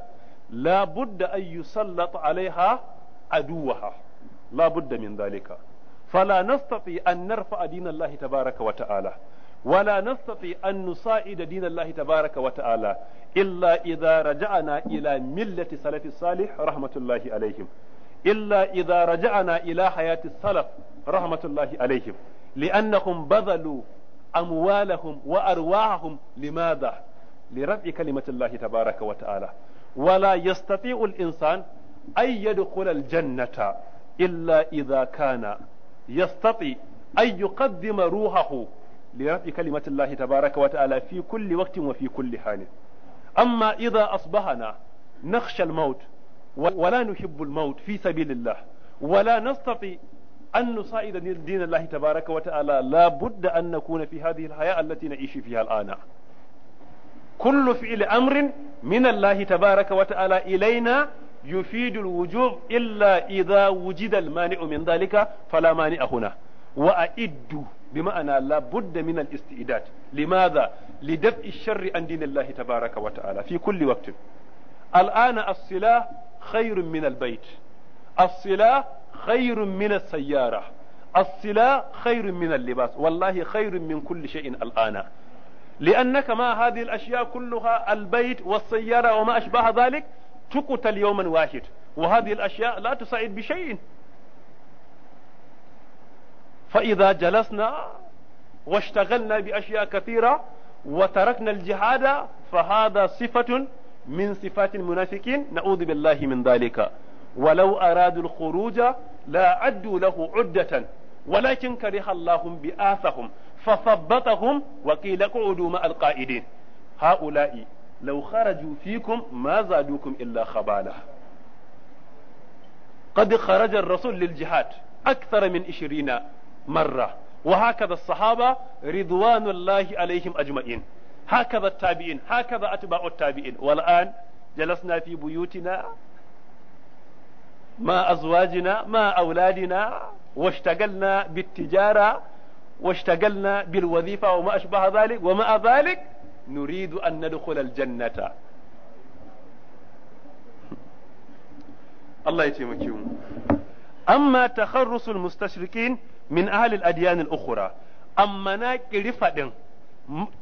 لا بد أن يسلط عليها عدوها لا بد من ذلك فلا نستطيع أن نرفع دين الله تبارك وتعالى wala nastati an nusa'ida dinallahi tabaraka wa ta'ala illa idza raja'na ila millati salafi salih rahmatullahi alaihim illa idza na ila hayati salaf rahmatullahi alaihim li'annahum badhalu amwalahu wa arwahahum limadha لرفع كلمة الله تبارك وتعالى ولا يستطيع الإنسان أن يدخل الجنة إلا إذا كان يستطيع أن يقدم روحه لرفع كلمة الله تبارك وتعالى في كل وقت وفي كل حال أما إذا أصبحنا نخشى الموت ولا نحب الموت في سبيل الله ولا نستطيع أن نصعد دين الله تبارك وتعالى لا بد أن نكون في هذه الحياة التي نعيش فيها الآن كل فعل أمر من الله تبارك وتعالى إلينا يفيد الوجوب إلا إذا وجد المانع من ذلك فلا مانع هنا وأئدوا بمعنى لا بد من الاستئداد لماذا لدفع الشر عن دين الله تبارك وتعالى في كل وقت الآن الصلاة خير من البيت الصلاة خير من السيارة الصلاة خير من اللباس والله خير من كل شيء الآن لأنك ما هذه الأشياء كلها البيت والسيارة وما أشبه ذلك تقتل يوما واحد وهذه الأشياء لا تساعد بشيء فإذا جلسنا واشتغلنا بأشياء كثيرة وتركنا الجهاد فهذا صفة من صفات المنافقين نعوذ بالله من ذلك ولو أرادوا الخروج لا عدوا له عدة ولكن كره الله بآثهم فثبتهم وقيل اقعدوا مع القائدين هؤلاء لو خرجوا فيكم ما زادوكم إلا خبالا قد خرج الرسول للجهاد أكثر من عشرين مرة وهكذا الصحابة رضوان الله عليهم أجمعين هكذا التابعين هكذا أتباع التابعين والآن جلسنا في بيوتنا مع أزواجنا مع أولادنا واشتغلنا بالتجارة واشتغلنا بالوظيفة وما أشبه ذلك ومع ذلك نريد أن ندخل الجنة الله يتيمكم amma takharrusul mustashrikin min ahli al-adyan al-ukhra amma na kirifa din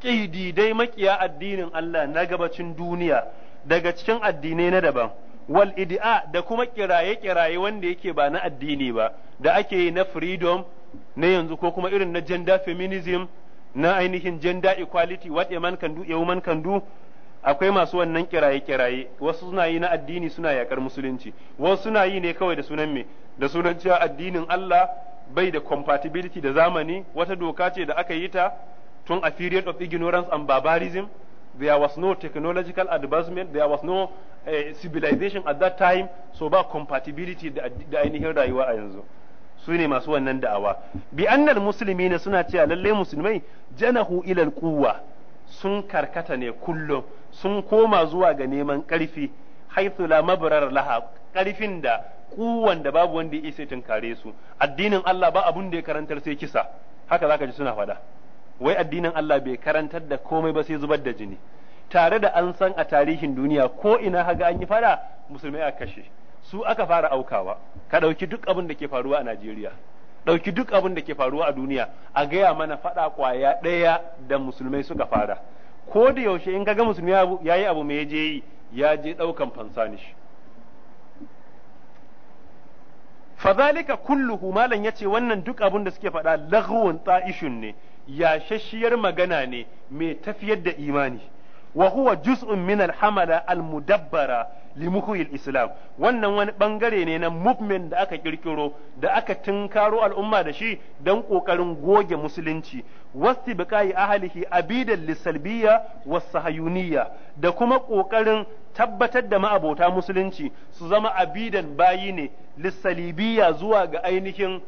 kididai makiya addinin Allah na gabacin duniya daga cikin addinai na daban wal idia da kuma kiraye-kiraye wanda yake ba na addini ba da ake yi na freedom na yanzu ko kuma irin na gender feminism na ainihin gender equality what a man can do a woman can do akwai masu wannan kiraye-kiraye wasu suna yi na addini suna yakar musulunci wasu suna yi ne kawai da sunan me da sunan cewa addinin Allah bai da compatibility da zamani wata doka ce da aka yi ta tun a period of ignorance and barbarism there was no technological advancement there was no uh, civilization at that time so ba compatibility da ainihin rayuwa a yanzu su ne masu wannan da'awa bi annal musulmi ne suna cewa lallai musulmai janahu ilal kuwa sun karkata ne kullum sun koma zuwa ga neman karfi haithu la mabrar laha karfin da kuwan da babu wanda ya isa tunkare su addinin Allah ba abun da ya karantar sai kisa haka zaka ji suna faɗa wai addinin Allah bai karantar da komai ba sai zubar da jini tare da an san a tarihin duniya ko ina haga an yi fada musulmai aka kashe su aka fara aukawa ka ɗauki duk abin da ke faruwa a Najeriya ɗauki duk abin da ke faruwa a duniya a gaya mana faɗa kwaya ɗaya da musulmai suka fara ko da yaushe in kaga musulmi ya yi abu mai je yi ya je ɗaukan fansa ne shi fadhalika kulluhu malam yace wannan duk abun da suke faɗa laghwun ta'ishun ne yashashiyar magana ne mai tafiyar da imani wa huwa juz'un min al-hamala al-mudabbara li islam wannan wani bangare ne na movement da aka kirkiro da aka tunkaro al'umma da shi dan kokarin goge musulunci wasti biqai ahlihi abidan lisalbiya wasahayuniyya da kuma kokarin tabbatar da ma'abota musulunci su zama abidan bayi ne lisalibiyya zuwa ga ainihin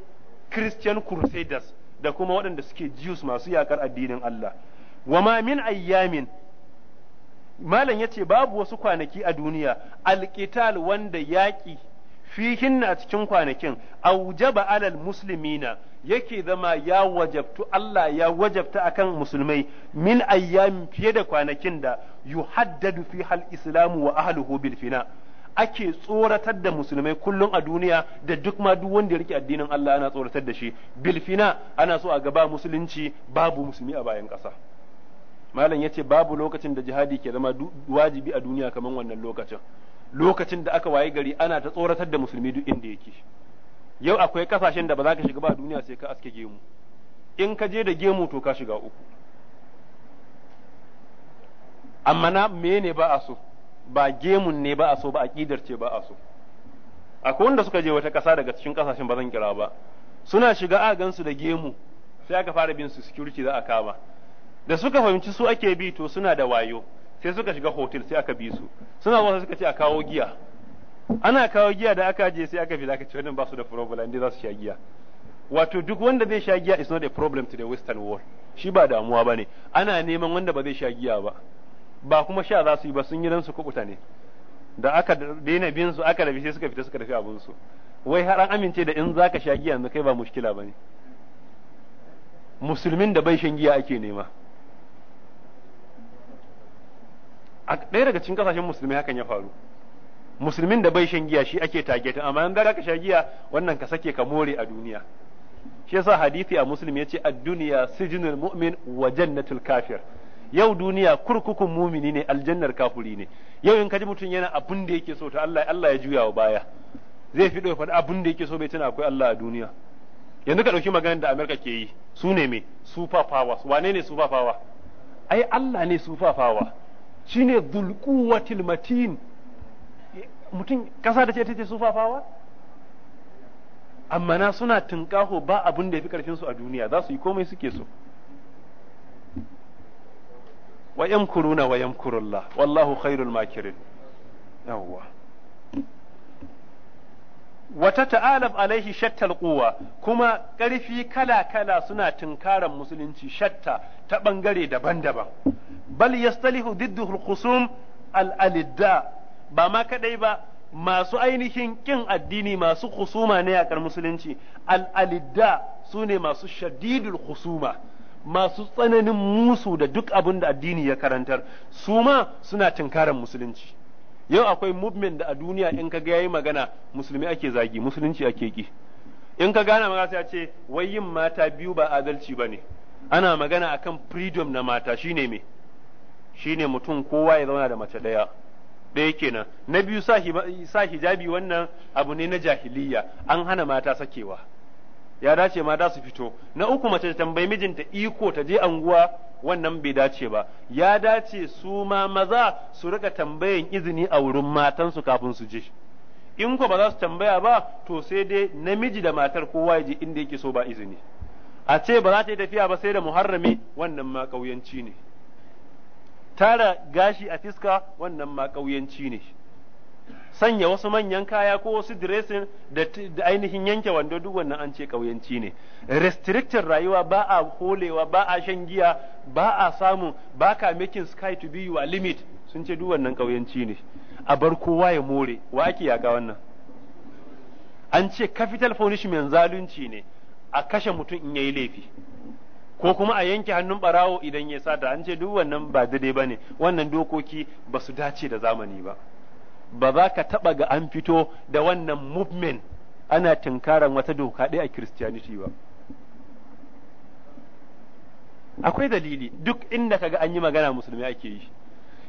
christian crusaders da kuma waɗanda suke jews masu yakar addinin Allah Wamamin min ayyamin malam ya ce babu wasu kwanaki a duniya alqital wanda yaki fihin a cikin kwanakin aujaba alal muslimina yake zama ya wajabtu Allah ya wajabta akan musulmai min ayyami fiye da kwanakin da yuhaddadu fi hal islamu wa ahluhu bil fina ake tsoratar da musulmai kullum a duniya da duk ma duk wanda ya rike addinin Allah ana tsoratar da shi bil fina ana so a gaba musulunci babu musulmi a bayan ƙasa malam yace babu lokacin da jihadi ke zama wajibi a duniya kamar wannan lokacin lokacin da aka waye gari ana ta tsoratar da musulmi duk inda yake yau akwai kasashen da ba za ka shiga ba a duniya sai ka aske gemu in ka je da gemu to ka shiga uku amma na mene ba a so ba gemun ne ba a so ba aqidar ce ba a so akwai wanda suka je wata kasa daga cikin kasashen ba zan kira ba suna shiga a gansu da gemu sai aka fara bin su security za a kama da suka fahimci su ake bi to suna da wayo sai suka shiga hotel sai aka bi su suna zuwa suka ce a kawo giya ana kawo giya da aka je sai aka fi aka ce wannan ba su da problem inda za su sha giya wato duk wanda zai sha giya is not a problem to the western world shi ba damuwa ba ne ana neman wanda ba zai sha giya ba ba kuma sha za su yi ba sun yi dan su kubuta ne da aka daina bin su aka rabi sai suka fita suka tafi abin su wai har an amince da in zaka sha giya yanzu kai ba mushkila bane musulmin da bai shan giya ake nema a ɗaya daga cikin kasashen musulmi hakan ya faru musulmin da bai shan giya shi ake tageta amma in da ka sha giya wannan ka sake ka more a duniya shi yasa hadisi a muslim yace ad-dunya sijnul mu'min wa jannatul kafir yau duniya kurkukun mumini ne aljannar kafuri ne yau in ji mutum yana abun da yake so to Allah Allah ya juya wa baya zai fi ya faɗi abun da yake so bai tana akwai Allah a duniya yanzu ka ɗauki maganar da Amerika ke yi su ne me super powers wane ne super power ai Allah ne super power Shi ne dhulquwatil matin mutum kasa da ce ce sufafawa amma na suna tunkaho ba abin da yafi karfin su a duniya za su yi komai suke so wa yamkuruna wa yamkurullah wallahu khairul makirin yawwa wata ta'alab alaihi shattal quwa kuma ƙarfi kala-kala suna tunkaran musulunci shatta ta ɓangare daban-daban bal yastalihu diddu khusum al alidda ba ma kadai ba masu ainihin kin addini masu khusuma ne yakar musulunci al alidda sune masu shadidul khusuma masu tsananin musu da duk abin da addini ya karantar su ma suna tinkarar musulunci yau akwai movement da a duniya in ka ga yayi magana musulmi ake zagi musulunci ake ki in ka gana magana sai a ce wai yin mata biyu ba adalci bane ana magana akan freedom na mata shine me shine mutum kowa ya zauna da mace ɗaya ɗaya kenan na biyu sa hijabi wannan abu ne na jahiliya an hana mata sakewa ya dace mata su fito na uku mace ta tambayi mijinta iko ta je anguwa wannan bai dace ba ya dace su ma maza su rika tambayan izini a wurin matansu kafin su je in ko ba za su tambaya ba to sai dai namiji da matar kowa ya je inda yake so ba izini a ce ba za ta yi tafiya ba sai da muharrami wannan ma kauyanci ne tara gashi a fiska wannan ma ƙauyenci ne sanya wasu manyan kaya ko wasu diresin da ainihin yanke wando duk wannan an ce ƙauyenci ne restricted rayuwa ba a holewa ba a shan giya ba a samun ba ka making sky to be your limit sun ce duk wannan ƙauyenci ne a bar kowa ya more wa ake yaka wannan an ce capital punishment zalunci ne a kashe mutum in yayi laifi ko kuma a yanke hannun barawo idan ya sata an ce duk wannan ba daidai ba ne wannan dokoki ba su dace da zamani ba ba za ka taɓa ga an fito da wannan movement ana tunkaran wata doka ɗaya a christianity ba akwai dalili duk inda kaga an yi magana musulmi ake yi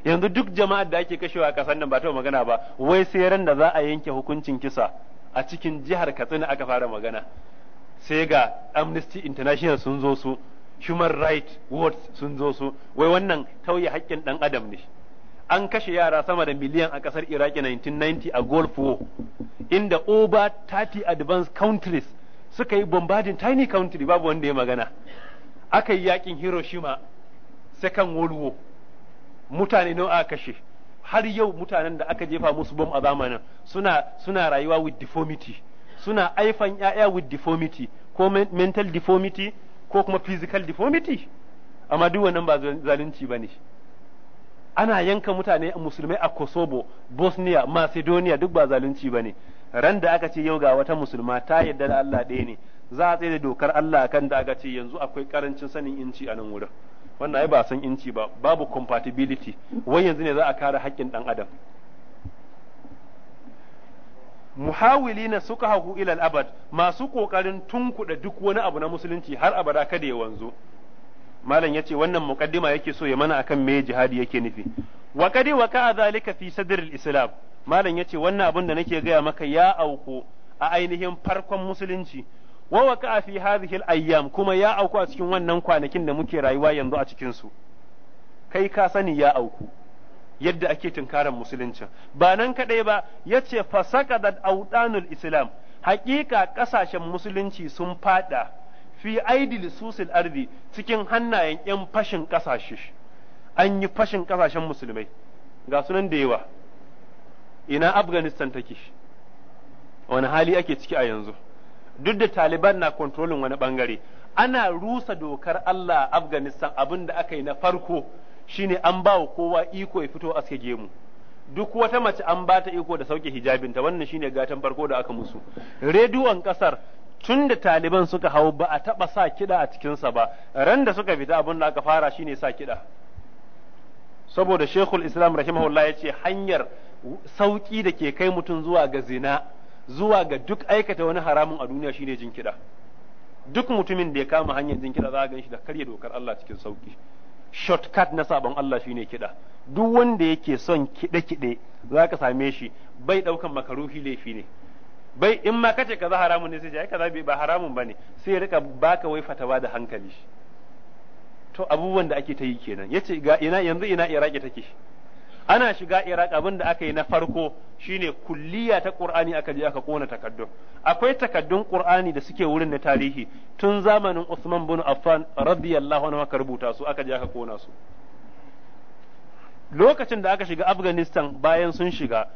yanzu duk jama'ar da ake kashewa a kasar nan ba ta magana ba wai sai ran da za a yanke hukuncin kisa a cikin jihar katsina aka fara magana sai ga amnesty international sun zo su human right words sun zo su wai wannan tauye haƙƙin ɗan adam ne an kashe yara sama da miliyan a ƙasar iraki 1990 a golf war inda over 30 advanced countries suka yi bombardin tiny country babu wanda ya magana aka yi yakin hiroshima second world war mutane nawa aka kashe har yau mutanen da aka jefa musu bom a zamanin suna suna rayuwa with deformity suna aifan 'ya'ya with deformity ko mental deformity ko kuma physical deformity amma duk wannan ba zalunci bane ana yanka mutane musulmai a Kosovo Bosnia Macedonia duk ba zalunci bane ran da aka ce yau ga wata musulma ta yadda da Allah ɗaya ne za a tsaye da dokar Allah kan da aka ce yanzu akwai karancin sanin inci a nan wurin wannan ai ba san inci ba babu compatibility wai yanzu ne za a kare haƙƙin ɗan adam muhawilina suka hagu ilal abad masu kokarin tunkuda duk wani abu na musulunci har abada kada ya wanzu malam yace wannan muqaddima yake so ya mana akan me jihadi yake nufi wa kadi wa ka zalika fi al islam malam yace wannan abun da nake gaya maka ya auku a ainihin farkon musulunci wa ka fi hadhihi ayyam kuma ya auku a cikin wannan kwanakin da muke rayuwa yanzu a cikin su kai ka sani ya auku yadda ake tunkaran musuluncin ba nan kadai ba ya yace fasaqadat awdanul islam hakika ƙasashen musulunci sun fada fi aidil susil ardi cikin hannayen yan fashin ƙasashe an yi fashin ƙasashen musulmai ga sunan da yawa ina afghanistan take wani hali ake ciki a yanzu duk da taliban na kontrolin wani bangare ana rusa dokar allah a afghanistan abin da aka yi na farko shine an ba wa kowa iko ya fito aske gemu duk wata mace an ba ta iko da sauke hijabinta wannan shine gatan farko da aka musu rediyon kasar tun da taliban suka hau ba a taba sa kiɗa a cikinsa ba ran da suka fita abin da aka fara shine sa kiɗa saboda shekul islam rahimahullah ya ce hanyar sauƙi da ke kai mutum zuwa ga zina zuwa ga duk aikata wani haramun a duniya shine jin kiɗa duk mutumin da ya kama hanyar jin kiɗa za a gan shi da karya dokar Allah cikin sauki shortcut na sabon Allah shine kiɗa duk wanda yake son kiɗe-kiɗe za ka same shi bai ɗaukan makaruhi laifi ne bai in ma kace kaza haramun ne sai ya kaza bai ba haramun ba ne sai rika baka wai fatawa da hankali to abubuwan da ake ta yi kenan yace ga ina yanzu ina Iraki take ana shiga iraq abin da aka yi na farko shine kulliya ta qur'ani aka je aka kona takaddun akwai takaddun qur'ani da suke wurin na tarihi tun zamanin usman bin affan radiyallahu anhu aka rubuta su aka je aka kona su lokacin da aka shiga afghanistan bayan sun shiga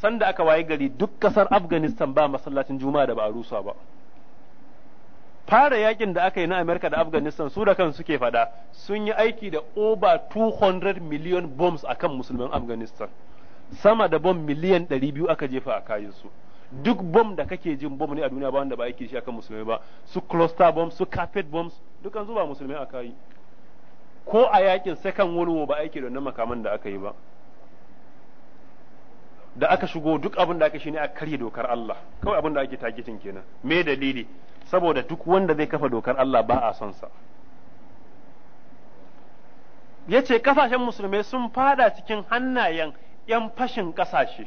sanda aka waye gari duk kasar afghanistan ba masallacin juma'a da ba a rusa ba fara yakin da aka yi na Amerika da Afghanistan su da kansu suke fada sun yi aiki da over 200 million bombs a kan musulman Afghanistan sama da bom miliyan 200 aka jefa a kayan su duk bom da kake jin bom ne a duniya ba wanda ba aiki shi akan musulmai ba su cluster bombs su carpet bombs dukan zuba musulmai a kayi ko a yakin second world war ba aiki da wannan makaman da aka yi ba da aka shigo duk abin da aka shi ne a karya dokar Allah kawai abin da ake tagitin kenan me dalili saboda duk wanda zai kafa dokar Allah ba a son sa yace kasashen musulmai sun fada cikin hannayen yan fashin kasashe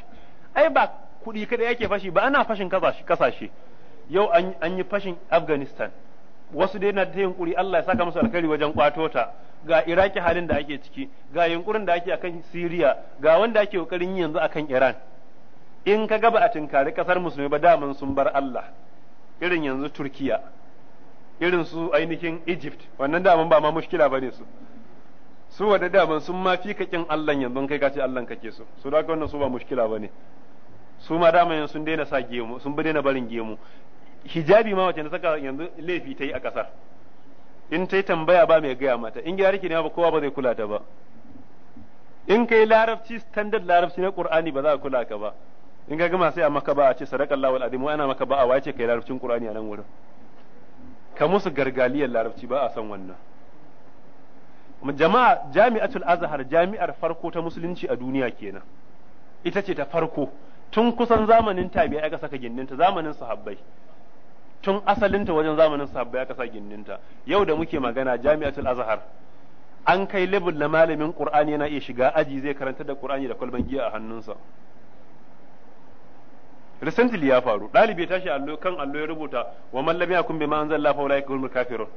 ai ba kudi kada yake fashi ba ana fashin kasashe yau an yi fashin Afghanistan wasu dai na ta yunkuri Allah ya saka musu alkhairi wajen kwato ta ga Iraki halin da ake ciki ga yunkurin da ake akan Siriya ga wanda ake kokarin yanzu akan Iran in ka gaba a tinkari kasar musulmai ba daman sun bar Allah irin yanzu Turkiya irin su ainihin Egypt wannan daman ba ma mushkila bane su su wanda daman sun ma fi ka kin Allah yanzu kai ka ce Allah kake so su da wannan su ba mushkila bane su ma daman sun daina sa gemu sun daina barin gemu hijabi ma wace na saka yanzu laifi ta yi a ƙasar in ta yi tambaya ba mai gaya mata in gyara ki ne ba kowa ba zai kula ta ba in kai larabci standard larabci na qur'ani ba za a kula ka ba in ka gama sai a maka ba a ce sadaka Allahu al ana maka ba a wace kai larabcin Qur'ani a nan wurin ka musu gargaliyar larabci ba a san wannan jama'a jami'atul azhar jami'ar farko ta musulunci a duniya kenan ita ce ta farko tun kusan zamanin tabi'a aka saka gindinta zamanin sahabbai tun asalinta wajen zamanin sahabbai aka saka gindinta yau da muke magana jami'atul azhar an kai level na malamin qur'ani yana iya shiga aji zai karanta da qur'ani da kwalban giya a hannunsa recently ya faru ɗalibi ya tashi allo kan allo ya rubuta wa akun kun bi ma anzalla fa ulaika humul kafirun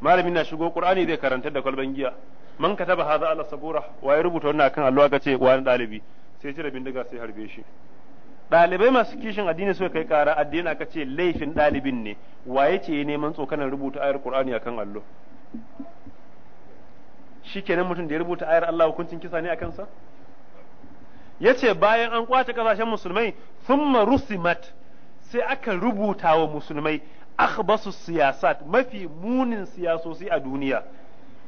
malamin na shigo qur'ani zai karanta da kwalban giya man kataba hadha ala sabura wa ya rubuta wannan kan allo aka ce ni ɗalibi sai cire bindiga sai harbe shi ɗalibai masu kishin addini suka kai kara addini aka ce laifin ɗalibin ne waye ce neman tsokanar rubuta ayar qur'ani akan allo shikenan mutum da ya rubuta ayar Allah hukuncin kisa ne a kansa yace bayan an kwace kasashen musulmai thumma rusimat sai aka rubuta wa musulmai akhbasu siyasat mafi munin siyasosi a duniya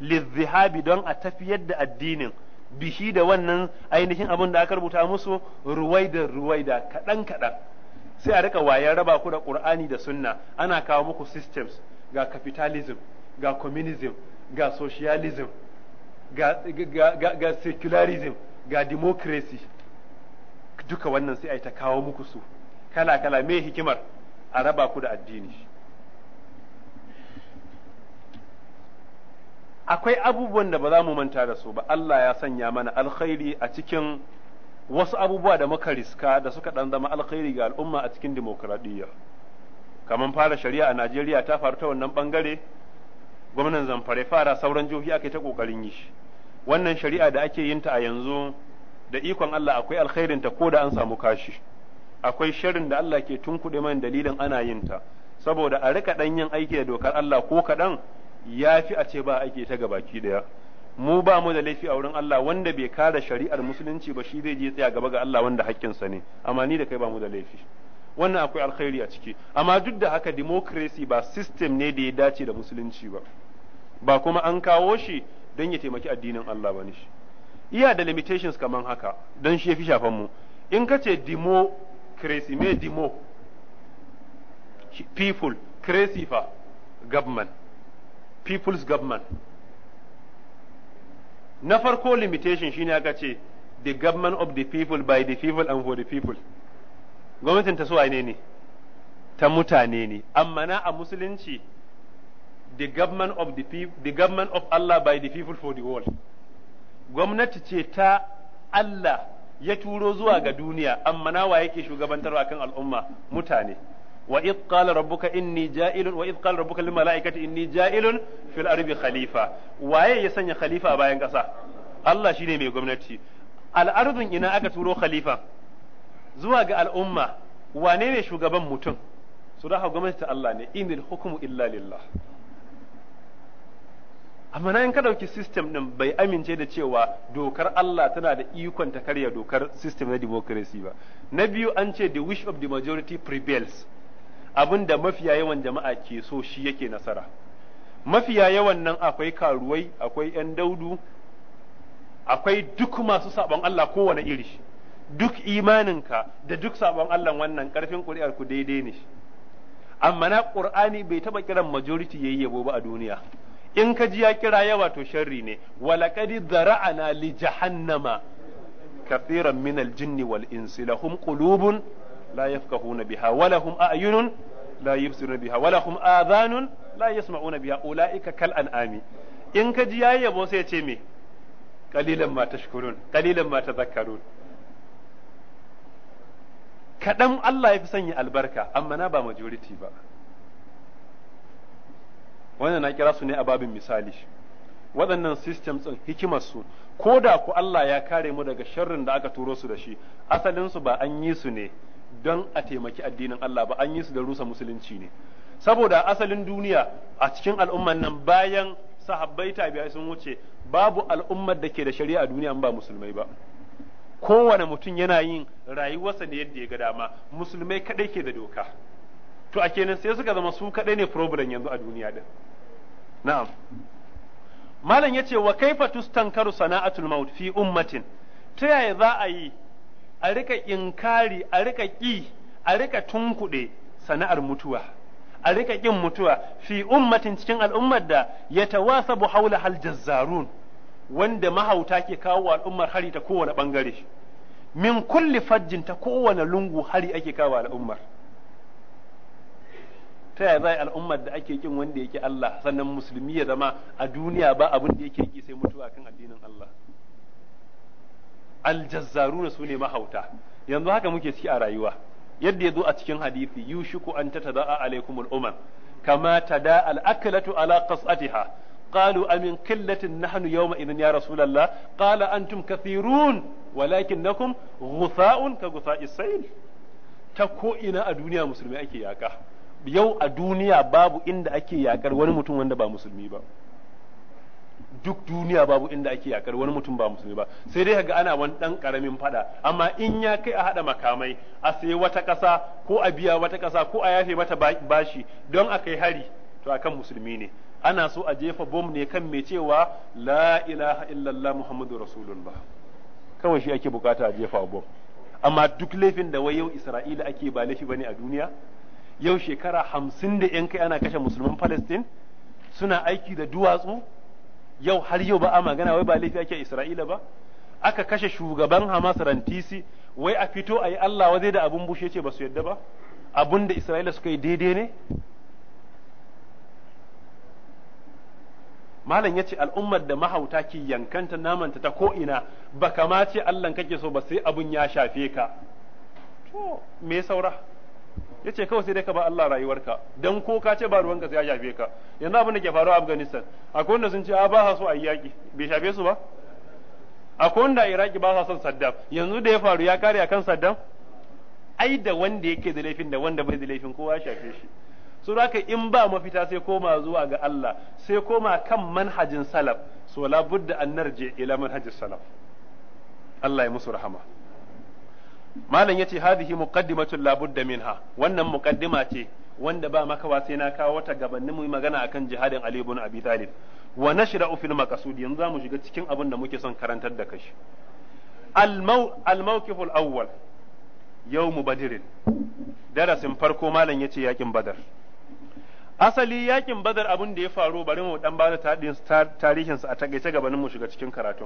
lizzihabi don a tafiyar da addinin bishi da wannan ainihin abin da aka rubuta musu ruwaida ruwaida kaɗan kaɗan sai a rika wayan raba ku da qur'ani da sunna ana kawo muku systems ga capitalism ga communism ga socialism ga, ga, ga, ga secularism ga democracy duka wannan sai a yi ta kawo muku su kala kala me hikimar a raba ku da addini akwai abubuwan da ba za mu manta da su ba Allah ya sanya mana alkhairi a cikin wasu abubuwa da muka riska da suka dan zama alkhairi ga al'umma a cikin demokradiyya kamar fara shari'a a Najeriya ta faru ta wannan bangare gwamnan zamfare fara sauran jihohi aka ta kokarin yi wannan shari'a da ake yin ta a yanzu da ikon Allah akwai alkhairin ta ko da an samu kashi akwai shirin da Allah ke tunkuɗe man dalilin ana yin ta saboda a rika dan yin aiki da dokar Allah ko kaɗan ya fi a ce ba aiki ta gabaki daya mu ba mu da laifi a wurin Allah wanda bai kare shari'ar musulunci ba shi zai je tsaya gaba ga Allah wanda sa ne amma ni da kai ba mu da laifi wannan akwai alkhairi a ciki amma duk da haka democracy ba system ne da ya dace da musulunci ba ba kuma an kawo shi don ya taimaki addinin Allah ba ne shi iya da limitations kaman haka don shi yafi shafan mu in ka ce demo crazy me demo people crazy fa government people's government na farko limitation shine aka ce the government of the people by the people and for the people gwamnatin ta suwa ne ne ta mutane ne amma na a musulunci the government of the people the government of Allah by the people for the world gwamnati ce ta Allah ya turo zuwa ga duniya amma nawa yake shugabantar kan al'umma mutane wa id qala rabbuka inni ja'ilun wa id qala rabbuka lil mala'ikati inni ja'ilun fil ardi khalifa waye ya sanya khalifa a bayan kasa Allah shine mai gwamnati al'ardun ina aka turo khalifa zuwa ga al'umma wane ne shugaban mutum su da gwamnati ta Allah ne inil hukmu illa lillah amma na in ka ɗauki system ɗin bai amince da cewa dokar Allah tana da ikon ta karya dokar system na democracy ba na biyu an ce the wish of the majority prevails abinda da mafiya yawan jama'a ke so shi yake nasara mafiya yawan nan akwai karuwai akwai 'yan daudu akwai duk masu saɓon Allah kowane iri duk imaninka da duk saɓon Allah wannan ƙarfin ƙuri'ar ku daidai ne amma na ƙur'ani bai taɓa kiran majority yi yabo ba a duniya in ka ji ya kira yawa to sharri ne walaqad zara'ana li jahannama kathiran min al-jinni wal insi lahum qulubun la yafqahuna biha wa lahum a'yunun la yubsiruna biha wa lahum adhanun la yasma'una biha ulaika kal an'ami in ka ji yayi yabo sai ya ce me qalilan ma tashkurun qalilan ma tadhakkarun kaɗan Allah ya fi sanya albarka amma na ba majority ba wannan na kira su ne a babin misali waɗannan systems ɗin su ko da ku Allah ya kare mu daga sharrin da aka turo su da shi asalinsu ba an yi su ne don a taimaki addinin Allah ba an yi su da rusa musulunci ne saboda asalin duniya a cikin al'ummar nan bayan sahabbai tabi'ai sun wuce babu al'ummar da ke da shari'a a duniya ba musulmai ba kowane mutum yana yin rayuwarsa ne yadda ya ga dama musulmai kaɗai ke da doka to a kenan sai suka zama su kaɗai ne problem yanzu a duniya din na'am malam yace wa kaifa tustankaru sana'atul maut fi ummatin ta yaya za a yi a rika inkari a rika ƙi a rika tunkuɗe sana'ar mutuwa a rika ƙin mutuwa fi ummatin cikin al'ummar da ya tawasabu haula hal jazzarun wanda mahauta ke kawo al'ummar hari ta kowane bangare min kulli fajjin ta kowane lungu hari ake kawo al'ummar ta yaya zai al'ummar da ake kin wanda yake Allah sannan musulmi ya zama a duniya ba abin da yake ki sai mutuwa kan addinin Allah aljazzaruna su ne mahauta yanzu haka muke ciki a rayuwa yadda ya zo a cikin hadisi yushiku an tatada'a alaikumul umam kama tada al-aklatu ala qas'atiha قالوا أمن قلة نحن يومئذ يا رسول الله قال أنتم كثيرون ولكنكم غثاء كغثاء السيل تكو إنا الدنيا مسلمة أكي ياكا yau a duniya babu inda ake yakar wani mutum wanda ba musulmi ba duk duniya babu inda ake yakar wani mutum ba musulmi ba sai dai kaga ana wani dan karamin fada amma in ya kai a hada makamai a sayi wata kasa ko a biya wata kasa ko a yafe mata bashi don a kai hari to akan musulmi ne ana so a jefa bom ne kan mai cewa la ilaha illallah muhammadu rasulullah kawai shi ake bukata a jefa bom amma duk laifin da wai yau isra'ila ake ba laifi bane a duniya yau shekara hamsin da yan kai ana kashe musulman Palestine suna aiki da duwatsu yau har yau ba a magana wai ba laifi ake Isra'ila ba aka kashe shugaban Hamas Rantisi wai a fito a yi Allah zai da abun bushe ce ba su yadda ba abun da Isra'ila suka yi daidai ne malam ya ce al'ummar da mahauta ke yankanta namanta ta ko'ina ba kama ce allah kake so ba sai abun ya shafe ka to me saura yace kawai sai dai ka ba Allah rayuwarka dan ko ka ce ba ruwanka sai ya shafe ka yanzu abin da ke faruwa a Afghanistan akwai wanda sun ce a ba sa so a yi bai shafe su ba akwai wanda Iraki ba sa son Saddam yanzu da ya faru ya kare akan Saddam ai da wanda yake da laifin da wanda bai da laifin kowa ya shafe shi su haka in ba mafita sai koma zuwa ga Allah sai koma kan manhajin salaf so budda an narje ila manhajin salaf Allah ya musu rahama malam yace hadhihi muqaddimatun la budda minha wannan muqaddima ce wanda ba makawa sai na kawo ta gabanin mu magana akan jihadin Ali ibn Abi Talib wa nashra'u fil maqsud yanzu zamu shiga cikin abin da muke son karantar da kashi al mawqiful awwal yawm badr darasin farko malam yace yakin badar asali yakin badar abin da ya faru bari mu dan bada tarihin sa a takaice gabanin mu shiga cikin karatu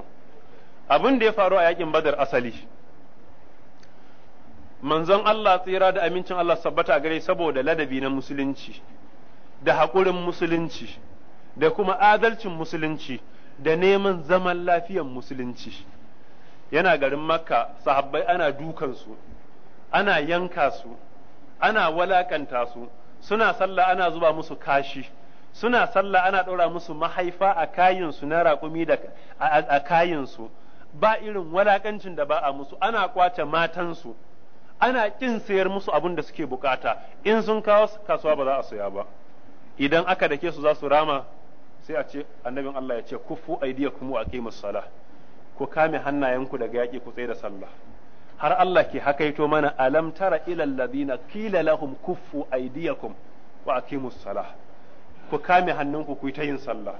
abin da ya faru a yakin badar asali manzon Allah tsira da amincin Allah sabbata gare saboda ladabi na musulunci da haƙurin musulunci da kuma adalcin musulunci da neman zaman lafiyan musulunci yana garin makka sahabbai ana dukansu ana yanka su ana walakanta su suna sallah ana zuba musu kashi suna sallah ana ɗora musu mahaifa a su na raƙumi da a su ba irin walakancin da ba a musu ana kwace matansu ana ƙin sayar musu abin da suke bukata in sun kawo kasuwa ba za a saya ba idan aka dake su za su rama sai a ce annabin Allah ya ce kufu aydiyakum wa aqimus salah ku kame hannayenku daga yaki ku tsaye da sallah har Allah ke hakaito mana alam tara ilal ladina qila lahum kufu aydiyakum wa aqimus salah ku kame hannunku ku yi ta yin sallah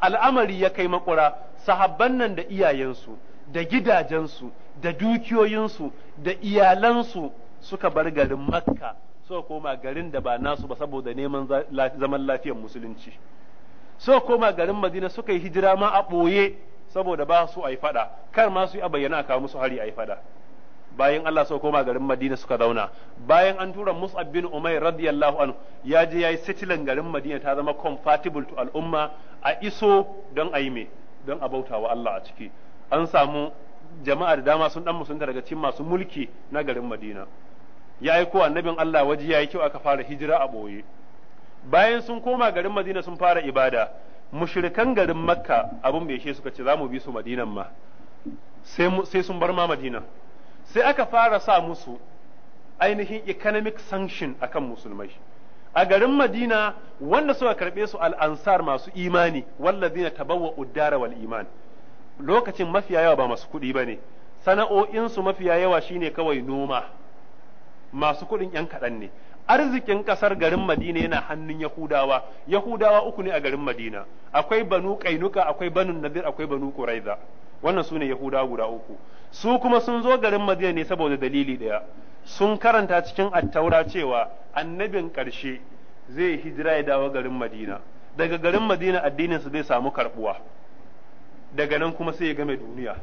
al'amari ya kai makura sahabban nan da iyayensu da gidajensu da dukiyoyinsu da iyalansu suka bar garin makka suka koma garin da ba nasu ba saboda neman zaman lafiyar musulunci suka koma garin madina suka yi hijira ma a ɓoye saboda ba su ai fada kar ma su yi a bayyana a kawo musu hari ai fada bayan Allah sau koma garin Madina suka zauna bayan an tura Mus'ab bin Umair radiyallahu anhu ya je yayi sitilan garin Madina ta zama compatible to al'umma a iso don a yi me don a bauta wa Allah a ciki an samu jama'a da dama sun dan musunta daga cikin masu mulki na garin Madina ya aiko annabin Allah waje yayi kyau aka fara hijira a boye bayan sun koma garin Madina sun fara ibada mushrikan garin Makka abun bai she suka ce za mu bi su Madinan ma sai sai sun bar ma Madina sai aka fara sa musu ainihin economic sanction akan musulmai a garin Madina wanda suka karbe su al-ansar masu imani walladina tabawwa uddara wal iman lokacin mafiya yawa ba masu kuɗi ba ne sana'o'insu mafiya yawa shine kawai noma masu kuɗin ‘yan kaɗan ne arzikin ƙasar garin madina yana hannun yahudawa yahudawa uku ne a garin madina akwai banu ƙainuka akwai banu nadir akwai banu kuraiza wannan su ne yahudawa guda uku su kuma sun zo garin madina ne saboda dalili ɗaya sun karanta cikin attaura cewa annabin ƙarshe zai hijira ya dawo garin madina daga garin madina addinin su zai samu karɓuwa daga nan kuma sai ya game duniya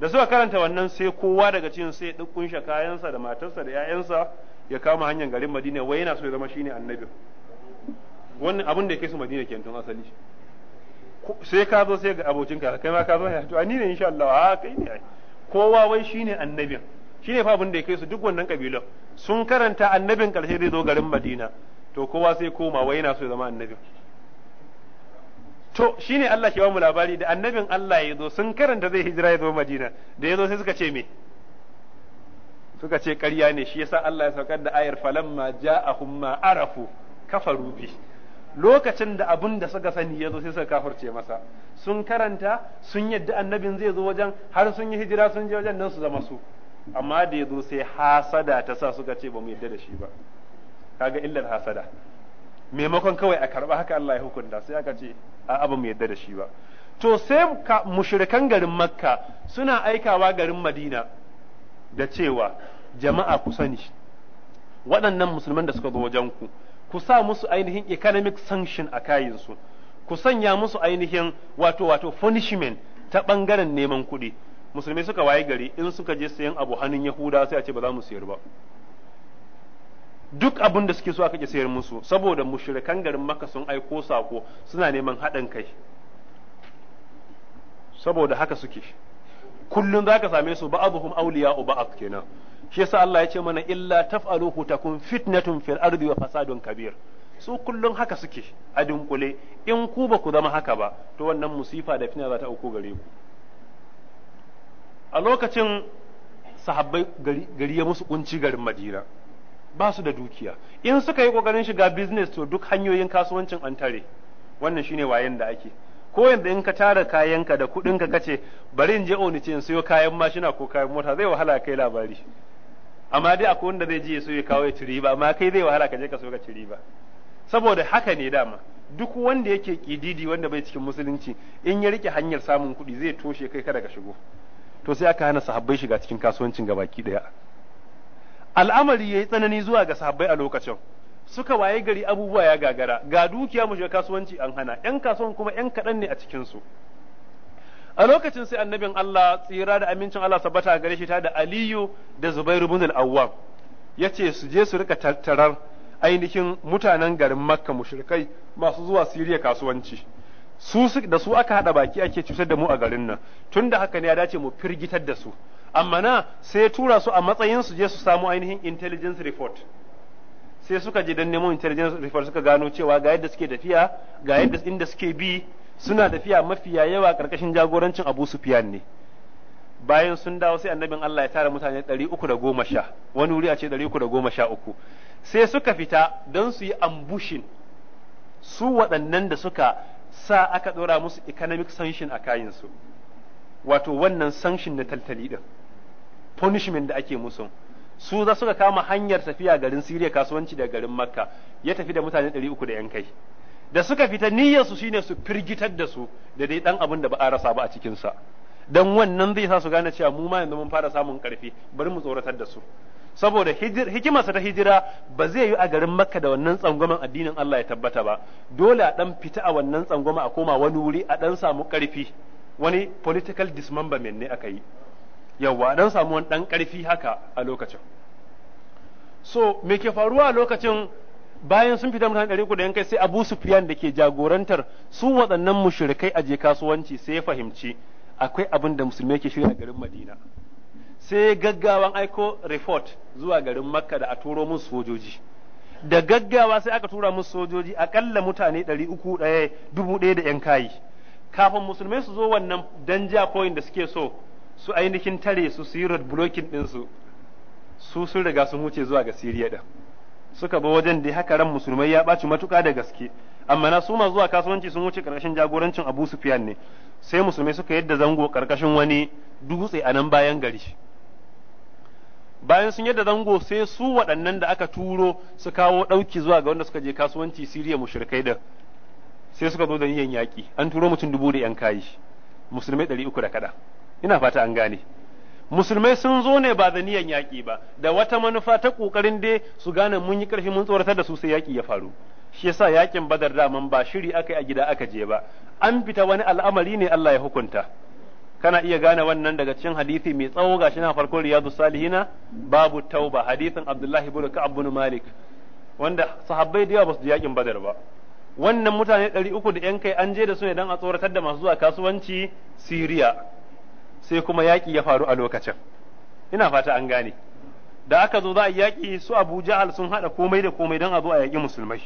da suka karanta wannan sai kowa daga cikin sai ya kunshe kayansa da matarsa da 'ya'yansa ya kama hanyar garin Madina wai yana so ya zama shine annabin wannan abin da ya kai su Madina kenan tun asali sai ka zo sai ga abokinka kai ma ka zo ya to ni ne insha Allah a ah, kai ne kowa wai shine annabin shine fa abin da ya kai su duk wannan kabilan sun karanta annabin karshe zai zo garin Madina to kowa sai koma wai yana so ya zama annabin to shine Allah ke ba mu labari da annabin Allah ya zo sun karanta zai hijira ya zo Madina da ya zo sai suka ce me suka ce ƙarya ne shi yasa Allah ya saukar da ayar falamma ja'ahum ma arafu kafaru bi lokacin da abin da suka sani ya zo sai suka kafirce masa sun karanta sun yadda annabin zai zo wajen har sun yi hijira sun je wajen nan su zama su amma da ya zo sai hasada ta sa suka ce ba mu yadda da shi ba kaga illar hasada maimakon kawai a karɓa haka Allah ya hukunta sai aka ce a ba mu yadda da shi ba to sai mushrikan garin makka suna aikawa garin madina da cewa jama'a ku sani waɗannan musulman da suka zo wajen ku ku sa musu ainihin economic sanction a kayinsu ku sanya musu ainihin wato wato punishment ta ɓangaren neman kuɗi musulmai suka waye gari in suka je sayan abu hannun yahuda sai a ce ba za mu siyar ba duk abin da suke so aka ki sayar musu saboda mushrikan garin maka sun aiko sako suna neman haɗin kai saboda haka suke kullum za ka same su ba'dhum auliya ba'd kenan shi yasa Allah ya ce mana illa taf'aluhu takun fitnatun fil ardi wa fasadun kabir su kullum haka suke a dunkule in ku ba ku zama haka ba to wannan musifa da fitna za ta auko gare ku a lokacin sahabbai gari ya musu kunci garin Madina ba su da dukiya in suka yi kokarin shiga business to duk hanyoyin kasuwancin an tare wannan shine wayan da ake ko yanda in ka tara kayanka da kuɗin ka ce bari in je ce in sayo kayan mashina ko kayan mota zai wahala kai labari amma dai akwai wanda zai je ya so ya kawo ya ci amma kai zai wahala ka je ka so ka ci riba saboda haka ne dama duk wanda yake kididi wanda bai cikin musulunci in ya rike hanyar samun kuɗi zai toshe kai kada ka shigo to sai aka hana sahabbai shiga cikin kasuwancin gabaki daya al'amari yayi tsanani zuwa ga sahabbai a lokacin suka waye gari abubuwa ya gagara ga dukiya mu shiga kasuwanci an hana yan kasuwan kuma yan kaɗan ne a cikin su a lokacin sai annabin Allah tsira da amincin Allah sabbata a gare shi ta da Aliyu da Zubairu bin al-Awwam yace su je su rika tattarar ainihin mutanen garin Makka mushrikai masu zuwa Siriya kasuwanci su da su aka hada baki ake cutar da mu a garin nan tunda haka ne ya dace mu firgitar da su amma na sai tura su a matsayin su je su samu ainihin intelligence report sai suka je dan neman intelligence report suka gano cewa ga yadda suke tafiya ga yadda inda suke bi suna tafiya mafiya yawa karkashin jagorancin Abu Sufyan ne bayan sun dawo sai annabin Allah ya tara mutane 310 wani wuri a ce 313 sai suka fita don su yi ambushin su waɗannan da suka sa aka ɗora musu economic sanction a kayansu wato wannan sanction na taltali ɗin punishment da ake musu su za suka kama hanyar tafiya garin Siriya kasuwanci da garin Makka ya tafi da mutane 300 da yan kai da suka fita niyyarsu shine su firgitar da su da dai dan abin da ba a rasa ba a cikin sa dan wannan zai sa su gane cewa mu ma yanzu mun fara samun karfi bari mu tsoratar da su saboda hikimarsa ta hijira ba zai yi a garin makka da wannan tsangwamen addinin Allah ya tabbata ba dole a dan fita a wannan tsangwama a koma wani wuri a dan samu karfi wani political dismemberment ne aka yi yawwa a dan samu wani dan karfi haka a lokacin so me ke faruwa a lokacin bayan sun fita mutane ɗari da kai sai Abu Sufyan da ke jagorantar su waɗannan mushrikai a je kasuwanci sai ya fahimci akwai abin da musulmai ke shirya a garin Madina sai gaggawan aiko report zuwa garin makka da a turo musu sojoji da gaggawa sai aka tura musu sojoji akalla mutane ɗari uku ɗaya dubu ɗaya da ‘yan kayi kafin musulmai su zo wannan danja koyin da suke so su ainihin tare su su yi road blocking ɗinsu su sun riga sun wuce zuwa ga siriya ɗin suka bi wajen da haka ran musulmai ya ɓaci matuƙa da gaske amma na su ma zuwa kasuwanci sun wuce karkashin jagorancin abu sufiyan ne sai musulmai suka yadda zango karkashin wani dutse a nan bayan gari bayan sun yadda zango sai su waɗannan da aka turo su kawo ɗauki zuwa ga wanda suka je kasuwanci Siriya mushrikai da sai suka zo da niyan yaƙi an turo mutum dubu da yan kayi musulmai ɗari uku da kaɗa ina fata an gane musulmai sun zo ne ba da niyan yaƙi ba da wata manufa ta ƙoƙarin dai su gane mun yi ƙarfi mun tsoratar da su sai yaƙi ya faru shi yasa yaƙin badar daman ba shiri aka yi a gida aka je ba an fita wani al'amari ne Allah ya hukunta kana iya gane wannan daga cikin hadisi mai tsawo gashi na farko riyadu salihina babu tauba hadisin abdullahi ibn ka'ab ibn malik wanda sahabbai da yawa basu yakin badar ba wannan mutane ɗari uku da yan kai an je da su ne dan a tsoratar da masu zuwa kasuwanci Siriya sai kuma yaki ya faru a lokacin ina fata an gane da aka zo za a yaki su Abu Jahal sun hada komai da komai don a zo a yaki musulmai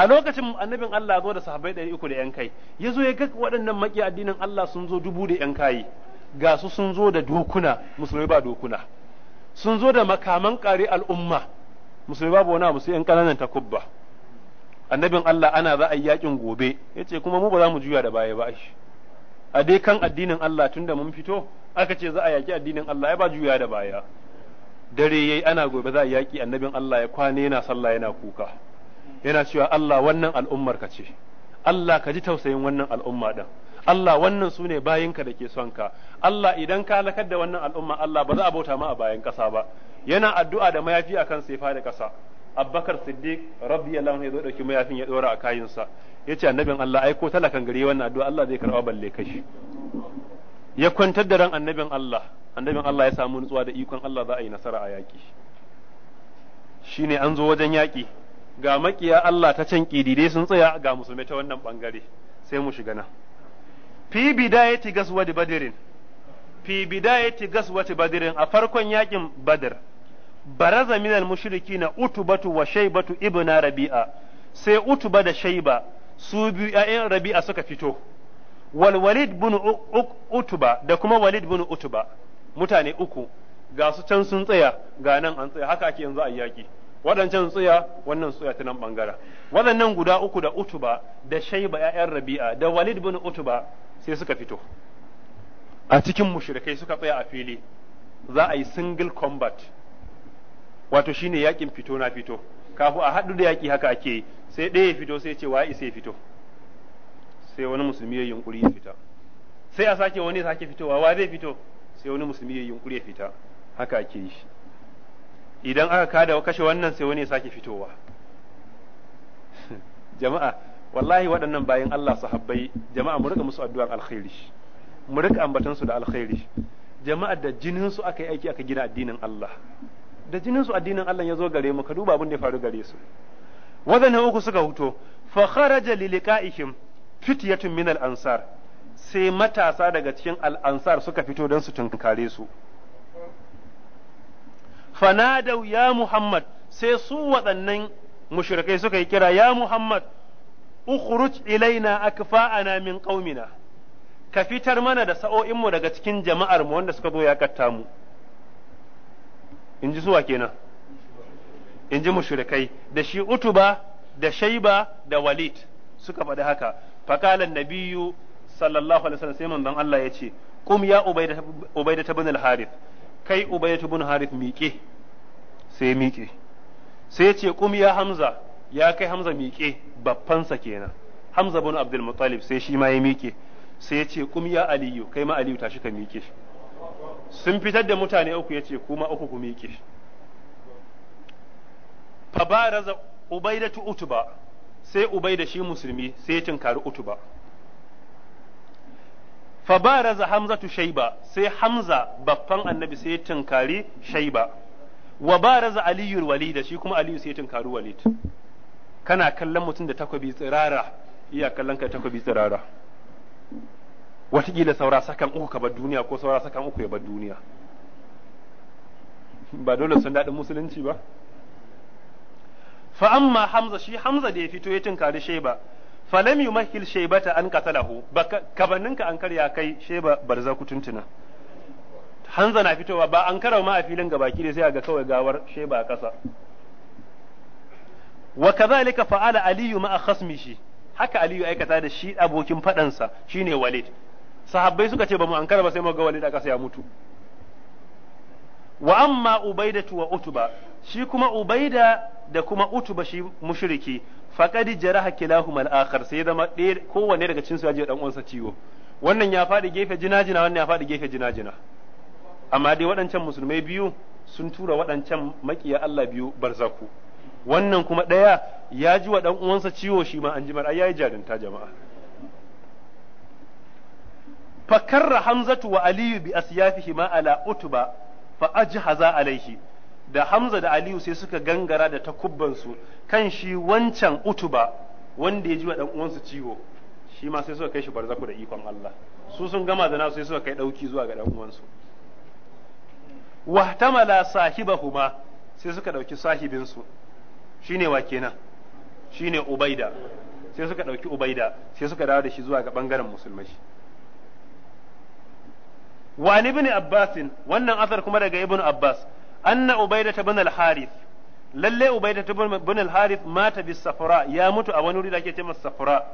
a lokacin annabin Allah zo da sahabbai ɗari uku da yan kai ya zo ya ga waɗannan maƙi addinin Allah sun zo dubu da yan kayi ga su sun zo da dokuna musulmai ba dokuna sun zo da makaman ƙari al'umma musulmai babu wani musu yan ƙananan takubba annabin Allah ana za a yi yakin gobe ya ce kuma mu ba za mu juya da baya ba shi a dai kan addinin Allah tunda mun fito aka ce za a yaki addinin Allah ya ba juya da baya dare yayi ana gobe za a yaki annabin Allah ya kwane yana sallah yana kuka yana cewa Allah wannan al'ummar ka ce Allah ka ji tausayin wannan al'umma din Allah wannan su ne bayinka da ke son ka Allah idan ka lakar da wannan al'umma Allah ba za a bauta ma a bayan kasa ba yana addu'a da mayafi akan sai fada kasa Abubakar Siddiq radiyallahu anhu ya zo dauki mayafin ya dora a kayinsa yace annabin Allah ai ko talakan gari wannan addu'a Allah zai karba balle kai ya kwantar da ran annabin Allah annabin Allah ya samu nutsuwa da ikon Allah za a yi nasara a yaki shine an zo wajen yaki ga makiya Allah ta can kidide sun tsaya ga musulmai ta wannan bangare sai mu shiga nan fi bidayati gaswati badirin fi bidayati badirin a farkon yakin badr baraza zaminar mushrikina utubatu wa shaybatu ibna rabi'a sai utuba da shayba su biyu yayan rabi'a suka fito wal walid bin utuba da kuma walid bin utuba mutane uku ga su can sun tsaya ga nan an tsaya haka ake yanzu a yaki waɗancan tsiya wannan tsiya ta nan bangaren waɗannan guda uku da utuba da shaiba ƴaƴan rabi'a da walid bin utuba sai suka fito a cikin mushrikai suka tsaya a fili za a yi single combat wato shine yakin fito na fito kafu a haɗu da yaki haka ake yi sai ɗaya ya fito sai ce wa isa ya fito sai wani musulmi ya yunkuri ya fita sai a sake wani sake fitowa wa zai fito sai wani musulmi ya yunkuri ya fita haka ake yi idan aka kada kashe wannan sai wani ya sake fitowa jama'a wallahi waɗannan bayan Allah su habbai jama'a mu rika musu addu'ar alkhairi mu rika ambatan su da alkhairi jama'a da jinin su aka yi aiki aka gina addinin Allah da jinin su addinin Allah ya zo gare mu ka duba abin da ya faru gare su wadana uku suka huto fa kharaja li liqa'ihim fityatun min al-ansar sai matasa daga cikin al-ansar suka fito don su tunkare su fanadau ya Muhammad sai su waɗannan mushrikai suka yi kira ya Muhammad ukhruj ilaina akfa'ana min qaumina ka fitar mana da sa'o'inmu daga cikin jama'ar mu wanda suka zo ya katta mu in ji suwa kenan in mushrikai da shi utuba da shaiba da walid suka faɗi haka fakalan nabiyu sallallahu alaihi wasallam sai manzon Allah ya ce qum ya ubayda ubayda ibn al-harith kai ubayyatu bin harith miƙe sai miƙe sai ya ce kum ya hamza ya kai hamza miƙe baffansa kenan hamza bin abdul muttalib sai shi ma ya miƙe sai ya ce kum ya aliyu kai ma aliyu tashi ka miƙe sun fitar da mutane uku ya ce kuma uku ku miƙe fa baraza ubaidatu utba sai ubaida shi musulmi sai ya tinkari utba fa baraza hamzatu shayba sai hamza baffan annabi sai ya tunkari shayba wa baraza aliyu walida shi kuma aliyu sai ya tunkari walid kana kallon mutum da takobi tsirara iya kallon ka takobi tsirara watakila saura sakan uku ka bar duniya ko saura sakan uku ya bar duniya ba dole sun daɗin musulunci ba fa amma hamza shi hamza da ya fito ya tunkari shayba falam yumahil shaybata an qatalahu kabanninka an karya kai sheba barza kutuntuna hanza na fitowa ba an karawa ma a filin baki da sai ga kawai gawar sheba a kasa wa kadhalika fa'ala aliyu ma khasmihi haka aliyu aikata da shi abokin fadansa shine walid sahabbai suka ce ba mu ankara ba sai mu ga walid a ƙasa ya mutu wa amma ubaidatu wa utuba shi kuma ubaida da kuma utuba shi mushriki faqad jaraha kilahuma al-akhar sai zama ɗaya kowanne daga cinsu ya je ɗan uwansa ciwo wannan ya faɗi gefe jinajina wannan ya faɗi gefe jinajina amma dai waɗancan musulmai biyu sun tura waɗancan maƙiya Allah biyu barzaku wannan kuma ɗaya ya ji wa ɗan uwansa ciwo shi ma an jimar ai jarinta jama'a fakarra hamzatu wa aliyu bi asyafihi ma ala utuba fa ajhaza alaihi da Hamza da Aliyu sai suka gangara da takubbansu kan shi wancan utuba wanda ya ji wa uwansu ciwo shi ma sai suka kai shi barzaku da ikon Allah su sun gama da nasu sai suka kai ɗauki zuwa ga uwansu wahtamala sahibahuma sai suka ɗauki sahibinsu shine wa kenan shine ubaida sai suka ɗauki ubaida sai suka dawo da shi zuwa ga ɓangaren musulmai wa ibn abbasin wannan asar kuma daga ibn abbas anna ubaidata bin Haris, harith lalle ubaidata bin al-harith mata bis safra ya mutu a wani wuri da ake cewa safra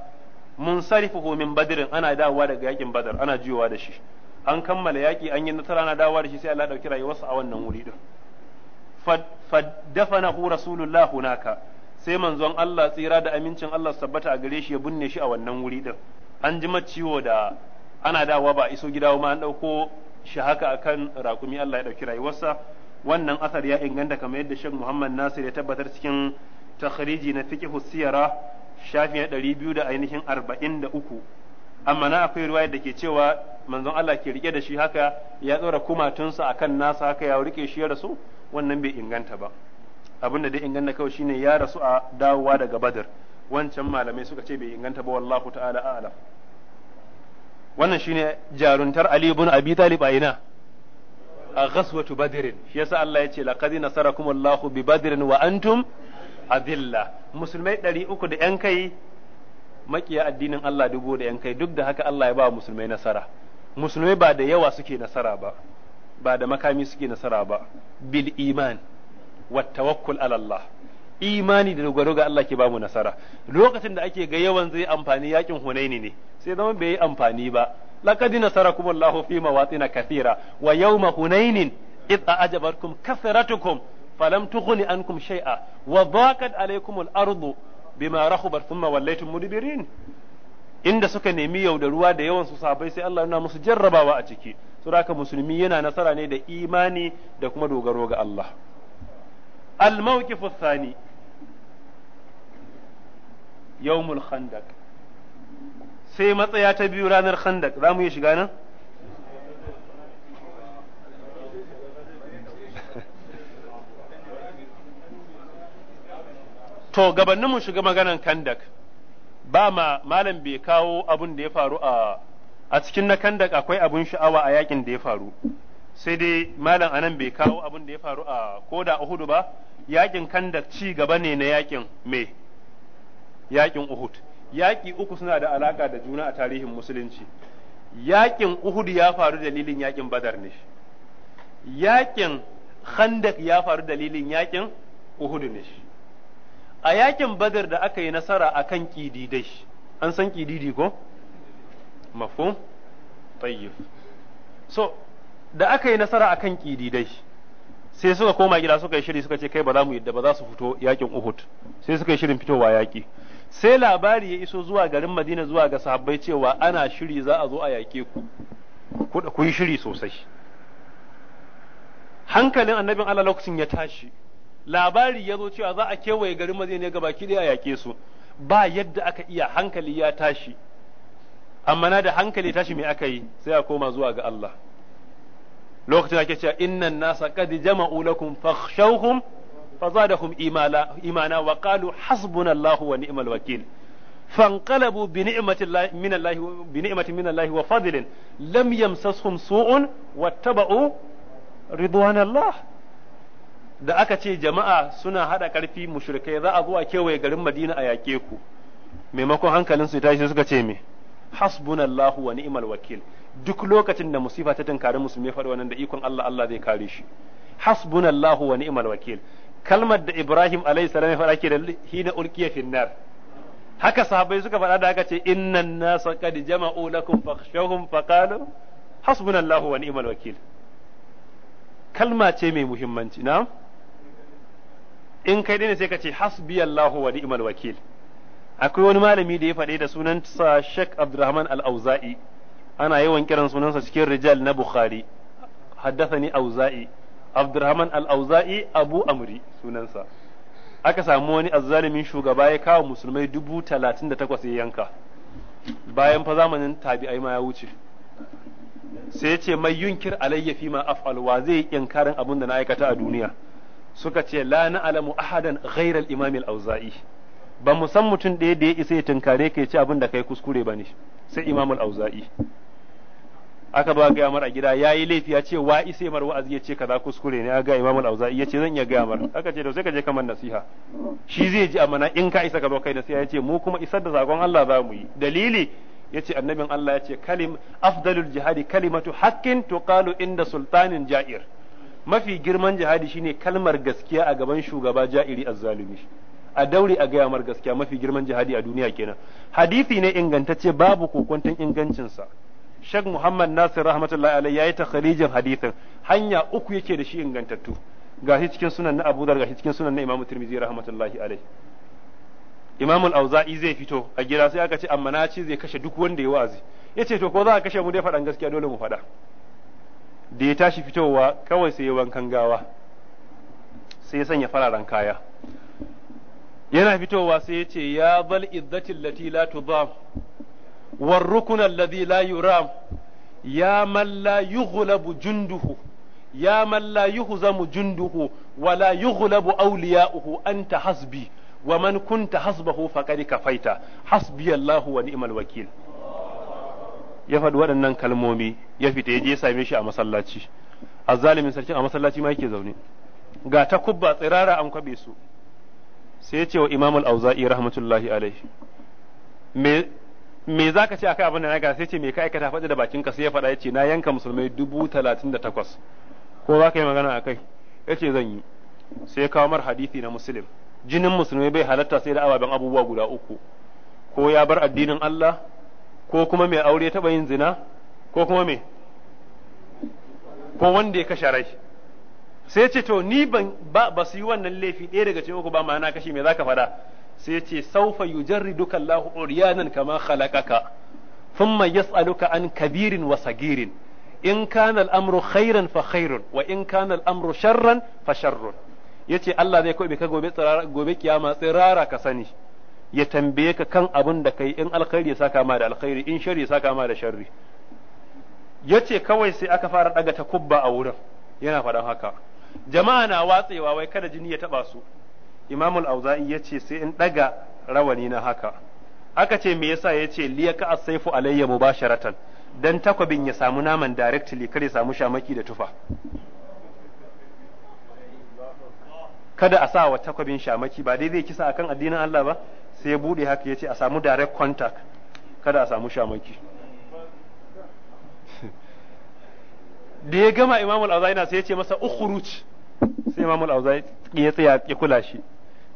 munsarifuhu min badrin ana dawowa daga yakin badar ana jiyowa da shi an kammala yaki an yi nasara na dawowa da shi sai Allah ya dauki rayuwarsa a wannan wuri din faddafanahu rasulullah hunaka sai manzon Allah tsira da amincin Allah sabbata a gare shi ya binne shi a wannan wuri din an ji ciwo da ana dawowa ba iso gida ma an ɗauko shi haka akan rakumi Allah ya dauki rayuwarsa wannan asar ya inganta kamar yadda Sheikh Muhammad Nasir ya tabbatar cikin takhriji na fiqhu siyara shafi ɗari 200 da ainihin 43 amma na akwai ruwaya da ke cewa manzon Allah ke rike da shi haka ya tsora kumatunsa akan nasa haka ya rike shi ya rasu wannan bai inganta ba abin da dai inganta kawai shine ya rasu a dawowa daga Badr wancan malamai suka ce bai inganta ba wallahu ta'ala a'lam wannan shine jaruntar Ali ibn Abi Talib a ina a ghazwatu badr shi yasa Allah ya ce laqad nasarakumullahu bi badrin wa antum dilla musulmai ɗari uku da yan kai makiya addinin Allah dubu da yan kai duk da haka Allah ya ba musulmai nasara musulmai ba da yawa suke nasara ba ba da makami suke nasara ba bil iman wa tawakkul ala imani da dogaro ga Allah ke ba mu nasara lokacin da ake ga yawan zai amfani yakin hunaini ne sai zama bai yi amfani ba laqad nasarakum Allahu fi mawatin kathira wa yawma hunainin id a'jabatkum kathratukum falam tughni ankum shay'a wa dhaqat alaykum al-ardu bima rahubat thumma wallaytum mudbirin inda suka nemi yau da ruwa da yawan su sabai sai Allah yana musu jarrabawa a ciki saboda musulmi yana nasara ne da imani da kuma dogaro ga Allah al-mawqif ath-thani yawmul khandak sai matsaya ta biyu ranar khandak za mu yi shiga nan to gabanin mu shiga maganan kandak ba ma malam bai kawo abun da ya faru a a cikin na kandak akwai abun sha'awa a yakin da ya faru sai dai malam anan bai kawo abun da ya faru a koda uhudu ba yakin kandak ci gaba ne na yakin mai. yakin Uhud yaki uku suna da alaka da juna a tarihin musulunci yakin Uhud ya faru dalilin yakin Badar ne yakin Khandak ya faru dalilin yakin Uhud ne a yakin Badar da aka yi nasara akan kididai an san kididi ko mafhum tayyib so da aka yi nasara akan kididai sai suka koma gida suka yi shiri suka ce kai ba za mu yadda ba za su fito yakin Uhud sai suka yi shirin fitowa yaki sai labari ya iso zuwa garin Madina zuwa ga sahabbai cewa ana shiri za a zo a yake ku ku yi shiri sosai hankalin annabin Allah lokacin ya tashi labari ya zo cewa za a kewaye garin Madina ga baki ɗaya a yake su ba yadda aka iya hankali ya tashi amma na da hankali tashi mai aka yi sai a koma zuwa ga Allah lokacin ake cewa innan nasa qad jama'u lakum fakhshawhum فزادهم إيمانا وقالوا حسبنا الله ونعم الوكيل فانقلبوا بنعمة الله من الله بنعمة من الله وفضل لم يمسسهم سوء واتبعوا رضوان الله da aka ce jama'a suna hada karfi mushrikai za a zuwa kewaye garin Madina a yake ku maimakon hankalin su tashi suka ce me hasbunallahu wa ni'mal wakil duk lokacin da musifa ta tunkari musulmi faɗi nan da ikon Allah Allah zai kare shi hasbunallahu wa ni'mal wakil kalmar da Ibrahim alayhi salam ya faɗa ke da hina ulkiya finnar haka sahabbai suka faɗa da aka ce innan nasa qad jama'u lakum fakhshawhum faqalu hasbunallahu wa ni'mal wakil kalma ce mai muhimmanci na in kai ne sai ka ce hasbiyallahu wa ni'mal wakil akwai wani malami da ya faɗe da sa Sheikh Abdurrahman Al-Auza'i ana yawan kiran sunansa cikin rijal na Bukhari haddathani Auza'i Abdurrahman al-Auza'i Abu Amri sunansa aka samu wani azzalimin shugaba ya kawo musulmai dubu talatin da takwas ya yanka bayan fa zamanin tabi'ai ma ya wuce sai ce mai yunkir Alayyafi ma af'al wa zai yankarin abin da na aikata a duniya suka ce la alamu ahadan ghairal imam al-auza'i ba mu san mutum da ya isa ya tunkare ka ya ce abin da kai kuskure ba ne, sai imam al-auza'i aka ba gaya mar a gida yayi laifi ya ce wa ise mar wa'azi ya ce kaza kuskure ne ga Imam al ya ce zan iya gaya mar aka ce da sai ka je kamar nasiha shi zai ji amana in ka isa ka zo kai nasiha ya ce mu kuma isar da zakon Allah za mu yi dalili ya ce annabin Allah ya ce kalim afdalul jihadi kalimatu haqqin tuqalu inda sultanin ja'ir mafi girman jihadi shine kalmar gaskiya a gaban shugaba ja'iri az-zalimi a dauri a gaya mar gaskiya mafi girman jihadi a duniya kenan hadisi ne ingantacce babu kokonton ingancinsa Sheikh Muhammad Nasir rahmatullahi alayhi yayi takharijin hadisin hanya uku yake da shi ingantattu gashi cikin sunan na Abu Dawud gashi cikin sunan na Imam Tirmidhi rahmatullahi alayhi Imam Al-Auza'i zai fito a gida sai aka ce amma na ce zai kashe duk wanda ya wa'azi yace to ko za a kashe mu dai faɗan gaskiya dole mu faɗa da ya tashi fitowa kawai sai ya wankan gawa sai ya sanya fararen kaya yana fitowa sai ya ce ya bal izzatil lati la tudam والركن الذي لا يرام يا من لا يغلب جنده يا من لا يهزم جنده ولا يغلب أولياؤه أنت حسبي ومن كنت حسبه فقد كفيت حسبي الله ونعم الوكيل ya faɗi waɗannan kalmomi ya fita ya je ya same shi a masallaci azzalimin sarkin a masallaci ma yake zaune ga ta kubba tsirara an kwabe su sai ya ce wa imamul auza'i rahmatullahi alaihi me za ka ce akai abin da na sai ce me ka aikata faɗi da bakinka sai ya faɗa ya ce na yanka musulmai dubu talatin da takwas ko za ka yi magana a kai ya ce zan yi sai ya kawo mar hadithi na musulmi jinin musulmai bai halatta sai da ababen abubuwa guda uku ko ya bar addinin Allah ko kuma mai aure taɓa yin zina ko kuma me ko wanda ya kashe rai sai ce to ni ban ba su yi wannan laifi ɗaya daga cikin uku ba ma'ana kashi me za ka faɗa sai ya ce saufa jarri Allahu uryanan kama mai ya tsaluka an kabirin wa sagirin in kana al'amru khairan fa khairun wa in kana al'amru sharran fa sharrun Ya ce Allah zai kobe ka gobe kiyama tsirara ka sani ya tambaye ka kan abin da kai in alkhairi ya saka ma da alkhairi in shari ya saka ma da sharri ce kawai sai aka fara ɗaga ta kubba a wurin yana faɗan haka jama'a na watsewa wai kada jini ya taɓa su imam al-auza'i yace sai in daga rawani na haka aka ce me yasa yace liyaka as-sayfu alayya mubasharatan dan takwabin ya samu naman directly kare samu shamaki da tufa kada a sa wa takwabin shamaki ba dai zai kisa akan addinin Allah ba sai ya bude haka yace a samu direct contact kada a samu shamaki da ya gama imamul auzai na sai ya ce masa ukhruj sai imamul auzai ya tsaya ya kula shi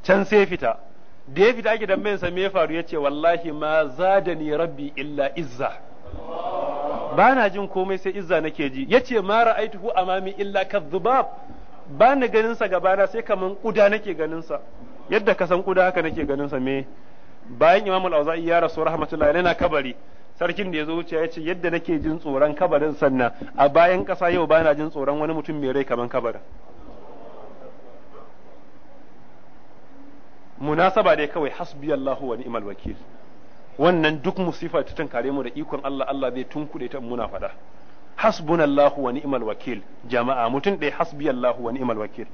can sai fita da ya fita ake tambayin sa ya faru ya ce wallahi ma zadani rabbi illa izza ba na jin komai sai izza nake ji ya yace ma ra'aituhu amami illa kadhubab ba na ganin sa gabana sai kaman kuda nake ganin sa yadda ka san kuda haka nake ganin sa me bayan Imam Al-Auza'i ya rasu rahmatullahi yana kabari sarkin da ya zo wuce ya ce yadda nake jin tsoron kabarin sannan a bayan kasa yau bana jin tsoron wani mutum mai rai kaman kabarin munasaba dai kawai hasbiyallahu wa ni'mal wakil wannan duk musifa ta tunkare mu da ikon Allah Allah zai tunkuɗe ta muna faɗa hasbunallahu wa ni'mal wakil jama'a mutum ɗaya hasbiyallahu wa ni'mal wakil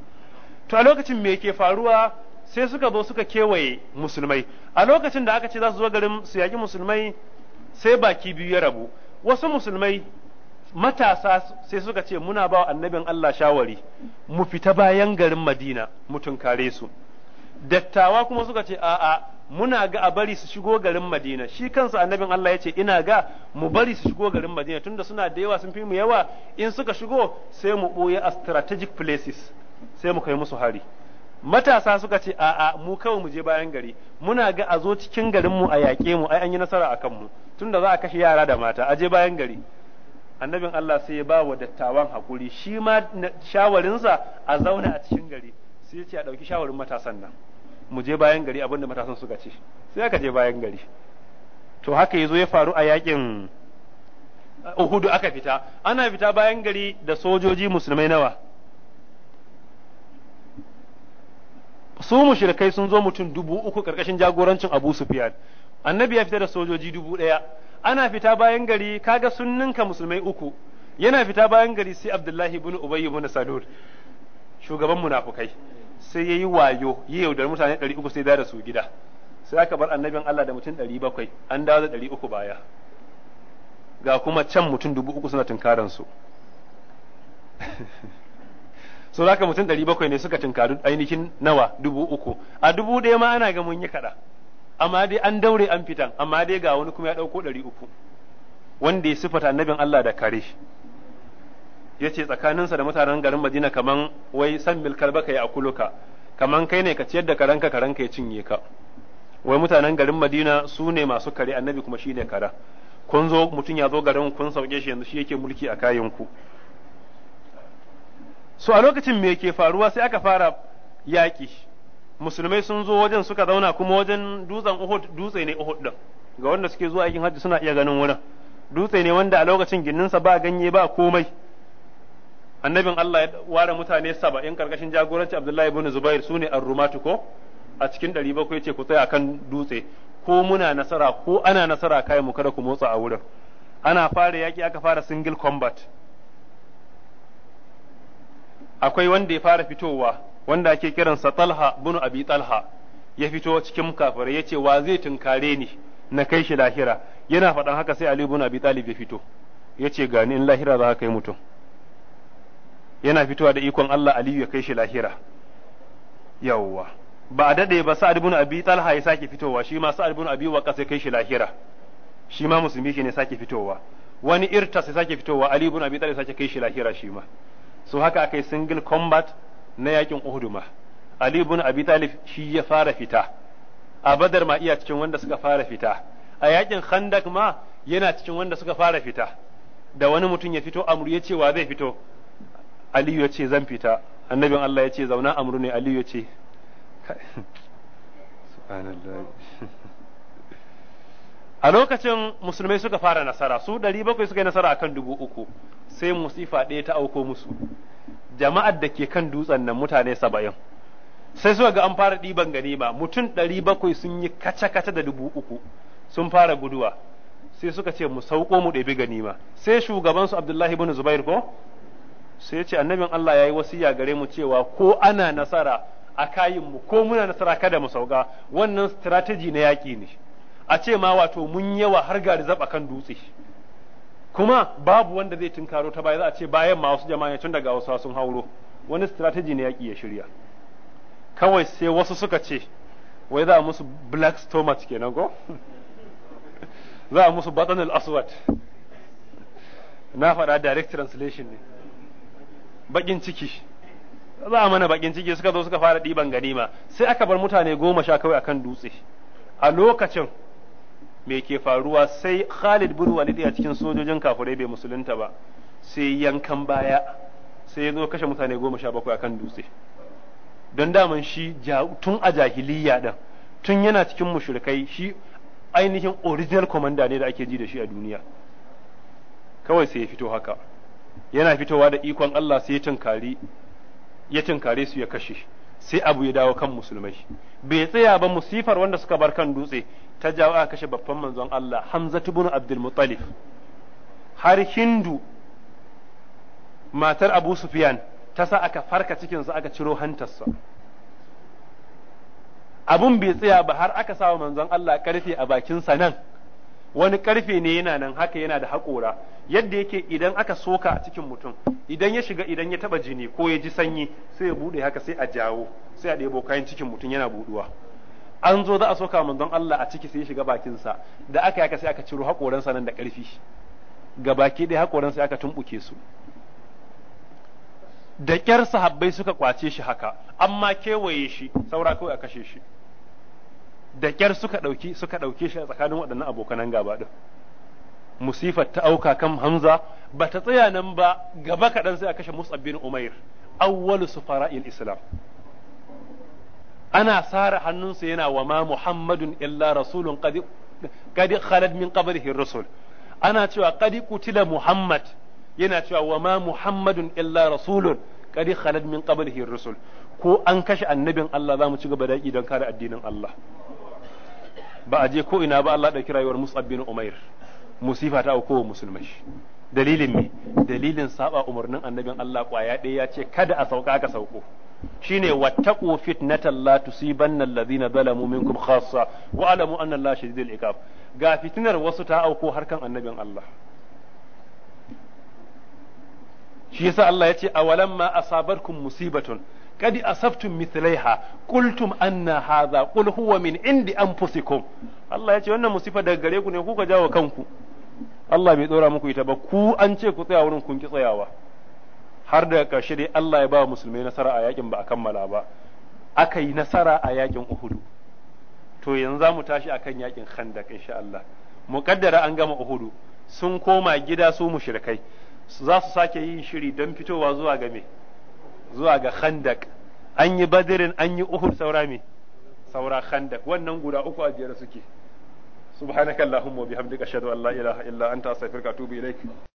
to a lokacin me yake faruwa sai suka zo suka kewaye musulmai a lokacin da aka ce za su zo garin su yaki musulmai sai baki biyu ya rabu wasu musulmai matasa sai suka ce muna ba annabin Allah shawari mu fita bayan garin Madina mu tunkare su dattawa kuma suka ce a'a muna ga a bari su shigo garin Madina shi kansa annabin Allah ya ce ina ga mu bari su shigo garin Madina tunda suna da yawa sun fi mu yawa in suka shigo sai mu boye a strategic places sai mu kai musu hari matasa suka ce a'a mu kawai mu je bayan gari muna ga a zo cikin garin mu a yaƙe mu ai an yi nasara akan mu tunda za a kashe yara da mata a je bayan gari annabin Allah sai ya ba wa dattawan hakuri shi ma shawarinsa a zauna a cikin gari sai ce a ɗauki shawarin matasan nan mu je bayan gari abin da matasan suka ce sai aka je bayan gari to haka yazo ya faru a yakin Uhudu aka fita ana fita bayan gari da sojoji musulmai nawa su mushrikai sun zo mutum dubu uku karkashin jagorancin Abu Sufyan annabi ya fita da sojoji dubu ɗaya ana fita bayan gari kaga sunninka musulmai uku yana fita bayan gari sai Abdullahi ibn Ubayy ibn Salul shugaban munafukai sai ya yi wayo ya da mutane 300 sai da su gida sai aka bar annabin Allah da mutum 700 an dawo da 300 baya ga kuma can mutum uku suna tunkaran su so haka mutum 700 ne suka tunkaru ainihin nawa uku a 1000 ma ana ga mun yi kada amma dai an daure an fitan amma dai ga wani kuma ya dauko 300 wanda ya sifata annabin Allah da kare ya yace sa da mutanen garin Madina kaman wai san mil kalbaka ya akuluka kaman kai ne ka ciyar da karanka karanka ya cinye ka wai mutanen garin Madina su ne masu kare annabi kuma shi ne kara kun zo mutum ya zo garin kun sauke shi yanzu shi yake mulki a kayan ku so a lokacin me yake faruwa sai aka fara yaƙi musulmai sun zo wajen suka zauna kuma wajen dutsen Uhud dutse ne Uhud din ga wanda suke zuwa aikin hajji suna iya ganin wurin dutse ne wanda a lokacin ginninsa ba ganye ba komai annabin Allah ya ware mutane saba'in karkashin jagoranci Abdullahi ibn Zubair su ne arrumatu ko a cikin ɗari bakwai ce ku tsaya kan dutse ko muna nasara ko ana nasara kai mu kada ku motsa a wurin ana fara yaƙi aka fara single combat akwai wanda ya fara fitowa wanda ake kiransa Talha bin Abi Talha ya fito cikin kafirai ya ce wa zai tunkare ni na kai shi lahira yana faɗan haka sai Ali bin Abi Talib ya fito yace ce gani in lahira za ka kai mutum yana fitowa da ikon Allah Aliyu ya kai shi lahira yawwa ba a dade ba Sa'ad ibn Abi Talha ya sake fitowa shi ma Sa'ad ibn Abi Waqqas ya kai shi lahira shi ma musulmi shi ne sake fitowa wani irtas ya sake fitowa Ali ibn Abi ya sake kai shi lahira shi ma so haka akai single combat na yakin Uhud ma Ali ibn Abi Talib shi ya fara fita a Badar ma iya cikin wanda suka fara fita a yakin Khandak ma yana cikin wanda suka fara fita da wani mutum ya fito amru ya cewa zai fito aliyu ya ce zan fita annabin Allah ya ce zauna amru ne aliyu ya ce a lokacin musulmai suka fara nasara su ɗari bakwai suka yi nasara akan dubu uku sai musifa ɗaya ta auko musu jama'ar da ke kan dutsen nan mutane saba'in sai suka ga an fara ɗiban ganima mutum ɗari bakwai sun yi kaca-kaca da dubu uku sun fara guduwa sai suka ce mu sauko mu ɗabi ganima sai shugabansu abdullahi bin zubair ko sai ce annabin Allah ya yi wasiya gare mu cewa ko ana nasara a kayinmu ko muna nasara kada mu sauka wannan strategy na yaƙi ne a ce ma wato mun yawa har gari zaba kan dutse kuma babu wanda zai tunkaro ta baya za a ce bayan ma wasu jama'a tun daga wasu sun hauro wani strategy ne yaƙi ya shirya kawai sai wasu suka ce wai za a musu black stomach kenan ko za a musu batsanul aswad na faɗa direct translation ne bakin ciki za a mana bakin ciki suka zo suka fara diban ganima sai aka bar mutane goma sha kawai akan dutse a lokacin me ke faruwa sai Khalid bin Walid a cikin sojojin kafirai bai musulunta ba sai yankan baya sai ya zo kashe mutane goma sha bakwai akan dutse don daman shi tun a jahiliya din tun yana cikin mushrikai shi ainihin original commander ne da ake ji da shi a duniya kawai sai ya fito haka yana fitowa da ikon Allah sai ya tunkari tunkare su ya kashe sai abu ya dawo kan musulmai bai tsaya ba musifar wanda suka bar kan dutse ta jawo a kashe babban manzon Allah Hamza ibn Abdul Muttalib har Hindu matar Abu Sufyan ta sa aka farka cikinsa aka ciro hantarsa abun bai tsaya ba har aka sa manzon Allah karfe a bakin sa nan wani karfe ne yana nan haka yana da haƙora yadda yake idan aka soka a cikin mutum idan ya shiga idan ya taba jini ko ya ji sanyi sai ya buɗe haka sai a jawo sai a ɗebo kayan cikin mutum yana buɗuwa. an zo za a soka mun don Allah a ciki sai ya shiga bakinsa da aka yaka sai aka ciro haƙoransa nan da ƙarfi ga baki ɗaya haƙoran sai aka tumɓuke su da ƙyar sahabbai suka kwace shi haka amma kewaye shi saura kawai a kashe shi da ƙyar suka ɗauki suka ɗauke shi a tsakanin waɗannan abokanan gaba ɗin musifar ta auka kan hamza ba ta tsaya nan ba gaba kaɗan sai a kashe musab bin umair awwalu sufara'il islam ana sare hannunsa yana wa ma muhammadun illa rasulun qad khalad min qablihi rusul ana cewa qad qutila muhammad yana cewa wa ma muhammadun illa rasulun qad khalad min qablihi rusul ko an kashe annabin Allah za mu ci gaba da don kare addinin Allah ba a je ko ina ba Allah ɗauki rayuwar Mus'ab bin Umair musifa ta auko musulmai dalilin me dalilin saba umarnin annabin Allah kwaya ɗaya ya ce kada a sauka aka sauko shine wattaqu fitnatan la tusibanna alladhina zalamu minkum khassa wa alamu anna Allah shadidul iqab ga fitinar wasu ta auko harkan annabin Allah shi yasa Allah ya ce awalamma asabarkum musibatun qad asabtum mithlaiha qultum anna hadha qul huwa min indi anfusikum Allah ya ce wannan musifa daga gare ku ne kuka jawo kanku Allah bai tsora muku ita ba ku an ce ku tsaya wurin kun ki tsayawa har da ƙarshe dai Allah ya ba musulmai nasara a yakin ba a kammala ba aka yi nasara a yakin Uhudu to yanzu za mu tashi akan yakin Khandaq insha Allah muqaddara an gama Uhudu sun koma gida su mushrikai za su sake yin shiri don fitowa zuwa game. zuwa ga khandak an yi badirin an yi uhud saura me saura khandak wannan guda uku a jere suke subhanakallahumma wa bihamdika ashhadu an la ilaha illa anta astaghfiruka wa atubu ilaik